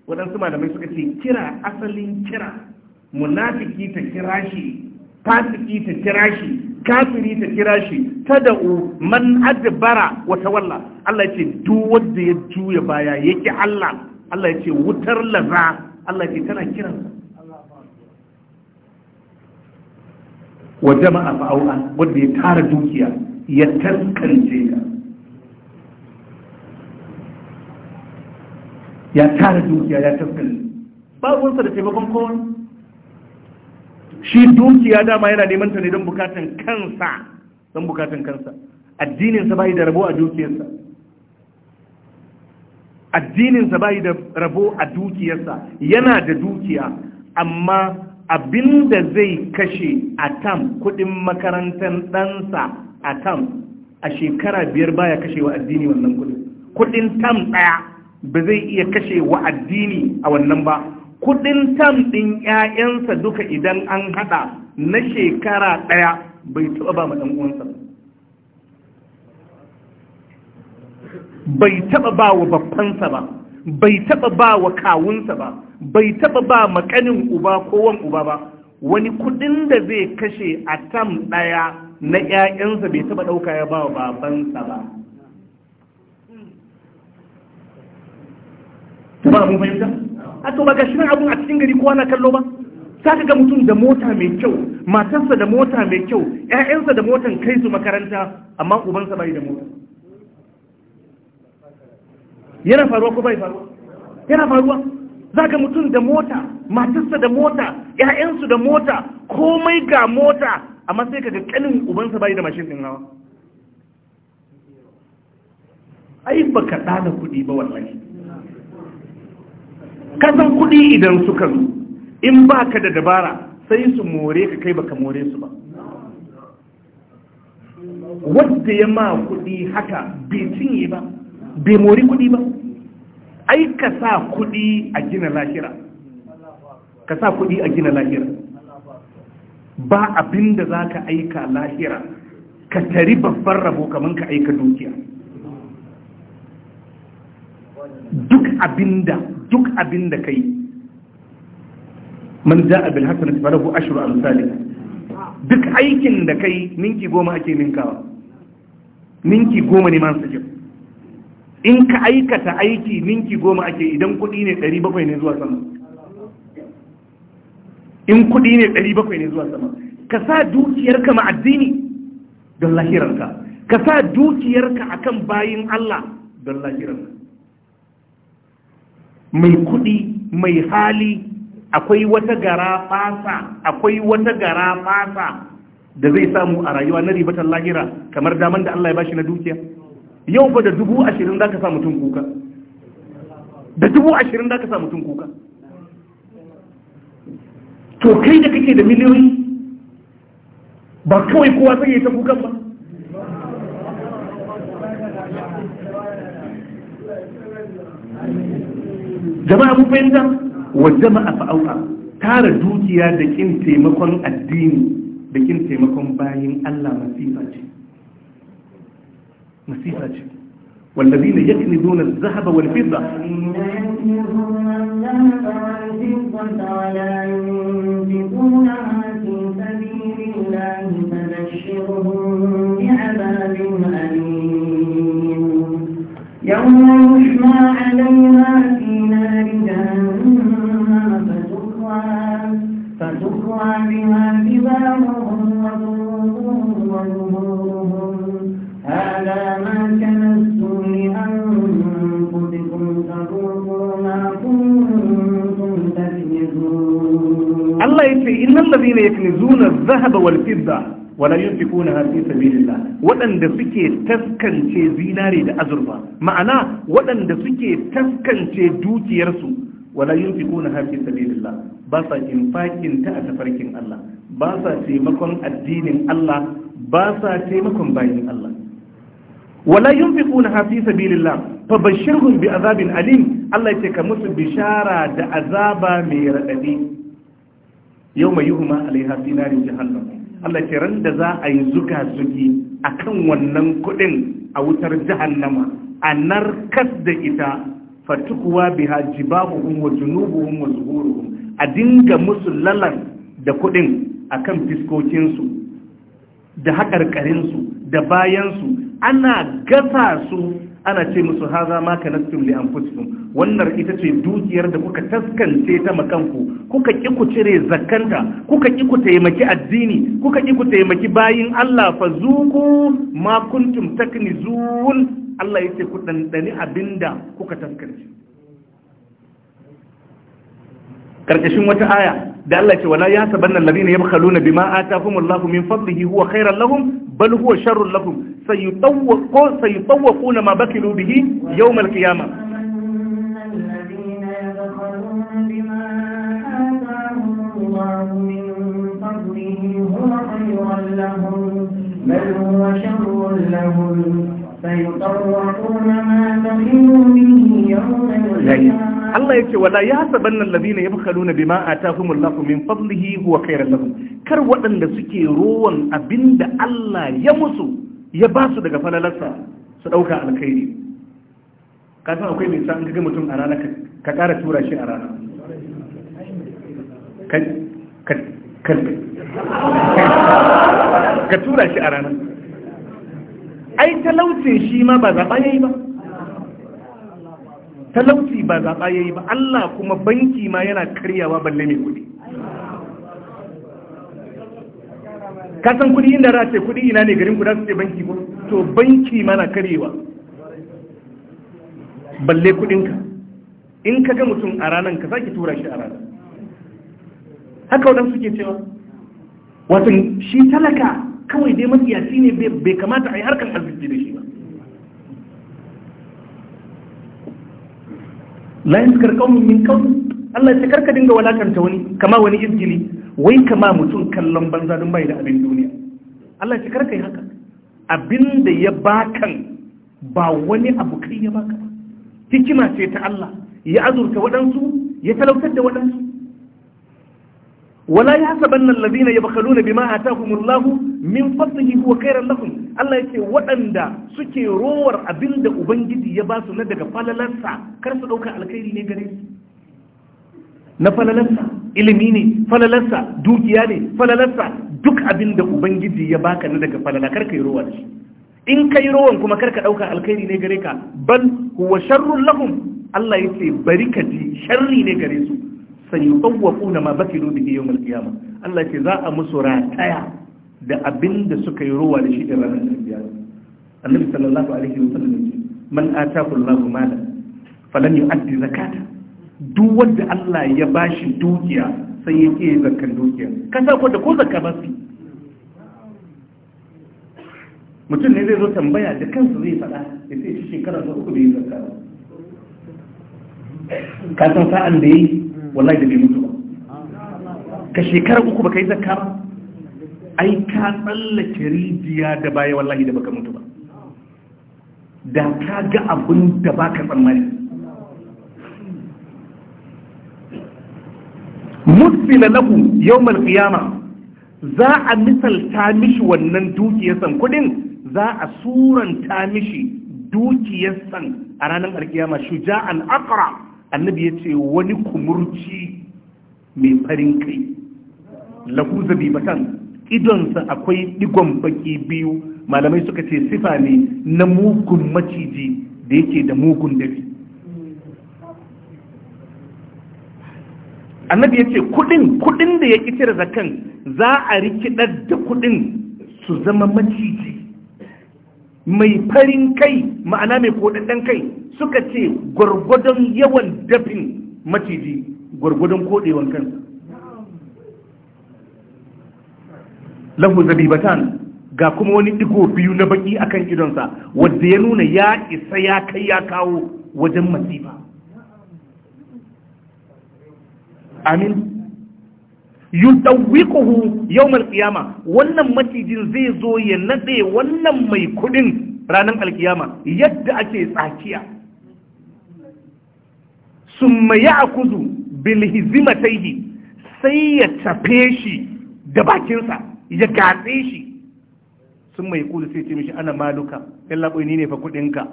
wadansu malamai suka ce kira asalin kira munafiki ta kira shi fasiki ta kira shi kafiri ta kira shi tad'u man adbara wa tawalla Allah yake duk wanda ya juya baya yake Allah Allah yake wutar laza Allah ke tana kiran wa jama'a fa'au'a wanda ya tara dukiya ya tankance ta ya tara dukiya ya tankance babunsa da taimakon kowa shi dukiya dama yana neman ta ne don bukatan kansa don bukatan kansa addininsa bai da rabo a dukiyarsa addininsa bayi da rabo a dukiyarsa yana da dukiya amma abinda zai kashe a tam kudin makarantar ɗansa a tam a shekara biyar baya kashewa addini wannan kudin kudin tam ɗaya ba zai iya kashewa addini a wannan ba kudin tam ɗin 'ya'yansa duka idan an haɗa na shekara ɗaya bai taɓa ba ma ɗan'uwansa. ba bai taba ba wa babbansa ba bai taba ba wa kawunsa ba bai taba ba makanin uba ko wan uba ba wani kudin da zai kashe a tam daya na ƴaƴansa bai taba dauka ya ba wa babansa ba ba mun fahimta a to ba gashi nan abun a cikin gari kowa na kallo ba Sa ka ga mutum da mota mai kyau matarsa da mota mai kyau ƴaƴansa da motan kai su makaranta amma ubansa bai da mota yana faruwa ko bai faruwa yana faruwa za ka mutum da mota matarsa da mota ‘ya'yansu da mota komai ga mota amma sai kaga kanin ubansa bai da mashin ɗin nawa. ai ba ka ɗana kuɗi ba wallahi san kuɗi idan suka zo in ba ka da dabara sai su more ka kai baka more su ba wadda ya ma kuɗi haka bai cinye ba bai mori kuɗi ba ai ka sa kuɗi a gina lahira ka sa kuɗi a gina lahira ba abinda za ka aika lahira ka tari babban rabo kamar ka aika dukiya duk abinda duk abinda kai man ja'a bil hasanati falahu ashru amsalih duk aikin da kai ninki goma ake ninkawa ninki goma ne man sajib in ka aikata aiki ninki goma ake idan kudi ne 700 ne zuwa sama in kudi ne 700 ne zuwa sama ka sa dukiyarka ma'addini don lahirarka ka sa dukiyarka akan bayin Allah don lahirarka mai kudi mai hali akwai wata gara fasa akwai wata gara fasa da zai samu a rayuwa na ribatan lahira kamar daman da Allah ya bashi na dukiya yau fa da dubu ashirin za ka sa mutum kuka da dubu ashirin za ka sa mutum kuka to kai da kake da miliyoyi ba kawai kowa sai yi ta kukan ba jama'a mun fahimta wa jama'a fa'au'a tara dukiya da kin taimakon addini da kin taimakon bayin Allah masifa ce masifa ce والذين يكنزون الذهب والفضة يوم ينفقونها innal ladhina yaknizuna adh-dhahaba wal fidda wa la yunfiquna fi sabilillah waɗanda suke taskance zinare da azurfa ma'ana waɗanda suke taskance dukiyarsu wala yunfiquna fi sabilillah ba sa infakin ta a tafarkin Allah ba sa taimakon addinin Allah ba sa taimakon bayin Allah wala yunfiquna fi sabilillah fa bashirhum bi azabin alim Allah ce ka musu bishara da azaba mai raɗaɗi. yau mai yuhuma alaiha sinarin jahannam Allah ce ran da za a yi zuga zugi kan wannan kudin a wutar jahannama a narkas da ita fatukuwa biha jibahuhum wa junubuhum wa zuhuruhum a dinga musu lalar da kudin kan fiskokinsu da haƙarƙarinsu da bayansu ana gasa su ana ce musu haza ma nastum li anfusikum wannan ita ce dukiyar da kuka taskance ta makanku kuka ki ku cire zakanta kuka ki ku taimaki addini kuka ki ku taimaki bayin Allah fa zuku ma kuntum taknizun Allah yace ku dandani abinda kuka taskance karkashin wata aya da Allah ce wala ya sabanna alladhina yabkhaluna bima atahumullahu min fadlihi huwa khairan lahum بل هو شر لكم سيطوق سيطوقون ما بكلوا به يوم القيامة الذين يدخلون بما آتاهم الله من فضله هو خير لهم بل هو شر لهم سيطوقون ما بكلوا به يوم القيامة Allah ya ce wala ya saban nan labina ya bukalu na bima a tafimun lafi min fadlihi huwa kairar lafi kar waɗanda suke rowan abinda Allah ya musu ya ba su daga falalarsa su ɗauka alkhairi ka san akwai mai an gaga mutum a rana ka ƙara tura shi a rana ka tura shi a rana ai talauce shi ma ba zaɓa ya yi ba talauci ba zaɓa ya yi ba Allah kuma banki ma yana karyawa balle mai kuɗi kasan kuɗi inda za ce kuɗi ina ne garin kuɗa su ce banki ko to banki ma na karyewa balle kuɗinka in ka ga mutum a ranar ka sake tura shi a ranar haka wadanda suke cewa watan shi talaka kawai dai matsiyaci ne bai kamata a yi harkar arziki da shi ba la yaskar min qaum Allah ya karka dinga walakanta wani kama wani izgili wai kama mutum kallon banza don bai da abin duniya Allah ya karka yi haka abin da ya bakan ba wani abu kai ya baka hikima ce ta Allah ya azurta waɗansu ya talautar da waɗansu wala ya hasaban bannan lazina ya na bima a takumullahu min fasihi kuwa kairan lahum Allah ya ce waɗanda suke rowar abinda Ubangiji ya ba su na daga falalarsa kar su ɗauka alkhairi ne gare su na falalarsa ilimi ne falalarsa dukiya ne falalarsa duk abinda Ubangiji ya baka na daga falala kar ka yi rowar shi in ka yi rowan kuma kar ka ɗauka alkhairi ne gare ka bal huwa sharrun lahum Allah ya ce bari ka ji sharri ne gare su sai yutawwafu na ma bakilu bihi yawmal qiyamah Allah ce za a musu rataya da abin da suka yi ruwa da shi da ranar kiyama annabi sallallahu alaihi wa sallam ce man ataku Allahu mala falan yu'addi zakata duk wanda Allah ya bashi dukiya sai ya ke zakkan dukiya ka sa ko da ko zakka ba su mutum ne zai zo tambaya da kansa zai faɗa ya ce shi shekara zo uku da yi zakka ba ka san sa'an da yi wallahi da bai mutu ba ka shekara uku baka yi zakka ba ai ka tsallake rijiya da baya wallahi da baka mutu ba da ka ga abin da baka tsammani musbila lahu yawmal qiyama za a misalta mishi wannan dukiyar san kudin za a suranta mishi dukiyar san a ranar alkiyama shuja'an aqra annabi ya ce wani kumurci mai farin kai lahu batan idonsa akwai digon baki biyu malamai suka ce sifa ne na mugun maciji da yake da mugun dare. annabi ya ce kudin kudin da ya ƙi da zakan za a rikidar da kudin su zama maciji mai farin kai ma'ana mai kodaddan kai suka ce gwargwadon yawan dafin maciji gwargwadon kodewan kansa lahu zabibatan ga kuma wani digo biyu na baki akan idonsa wadda ya nuna ya isa ya kai ya kawo wajen masifa amin yudawwiquhu yawm qiyama wannan macijin zai zo ya nade wannan mai kudin ranar alkiyama yadda ake tsakiya summa ya'khudhu bil hizmatayhi sai ya tafe shi da bakinsa ya gatse shi sun mai kudu sai ce mishi ana maluka illa boy ni ne fa ka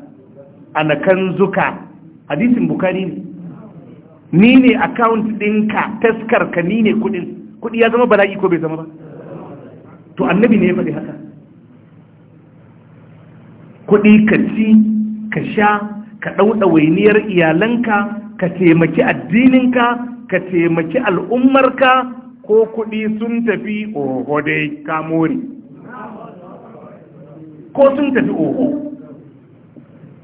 ana kanzuka hadisin bukhari ne ni ne account ɗinka ka ni ne kudin kuɗi ya zama bala'i ko bai zama ba to annabi ne ya faɗi haka kuɗi ka ci ka sha ka ɗauɗa wainiyar iyalanka ka taimaki addininka ka taimaki al'ummarka ko kuɗi sun tafi oho dai kamori ko sun tafi oho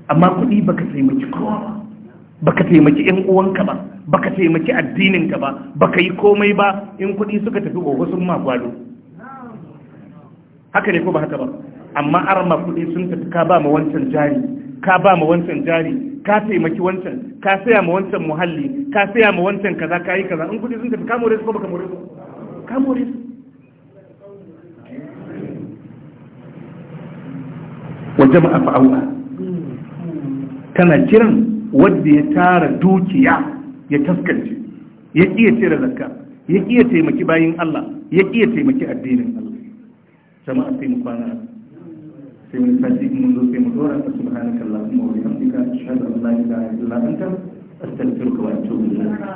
amma kuɗi baka taimaki kowa ba baka taimaki 'yan uwanka ba baka taimaki addininka ba baka yi komai ba in kuɗi suka tafi gobe sun ma kwalo haka ne ko ba haka ba amma arma kuɗi sun tafi ka ba ma wancan jari ka ba ma wancan jari ka taimaki wancan ka saya ma wancan muhalli ka saya ma wancan kaza ka yi kaza in kuɗi sun tafi ka more su ko baka more su ka more su wa jama'a fa'awa kana kiran wanda ya tara dukiya ya taskance ya iya cire zakka ya iya taimaki bayin Allah ya iya taimaki addinin Allah jama'a sai mu kwana sai mun sati mun zo sai mu dora ta subhanakallahumma wa bihamdika ashhadu an la ilaha illa anta astaghfiruka wa atubu ilayk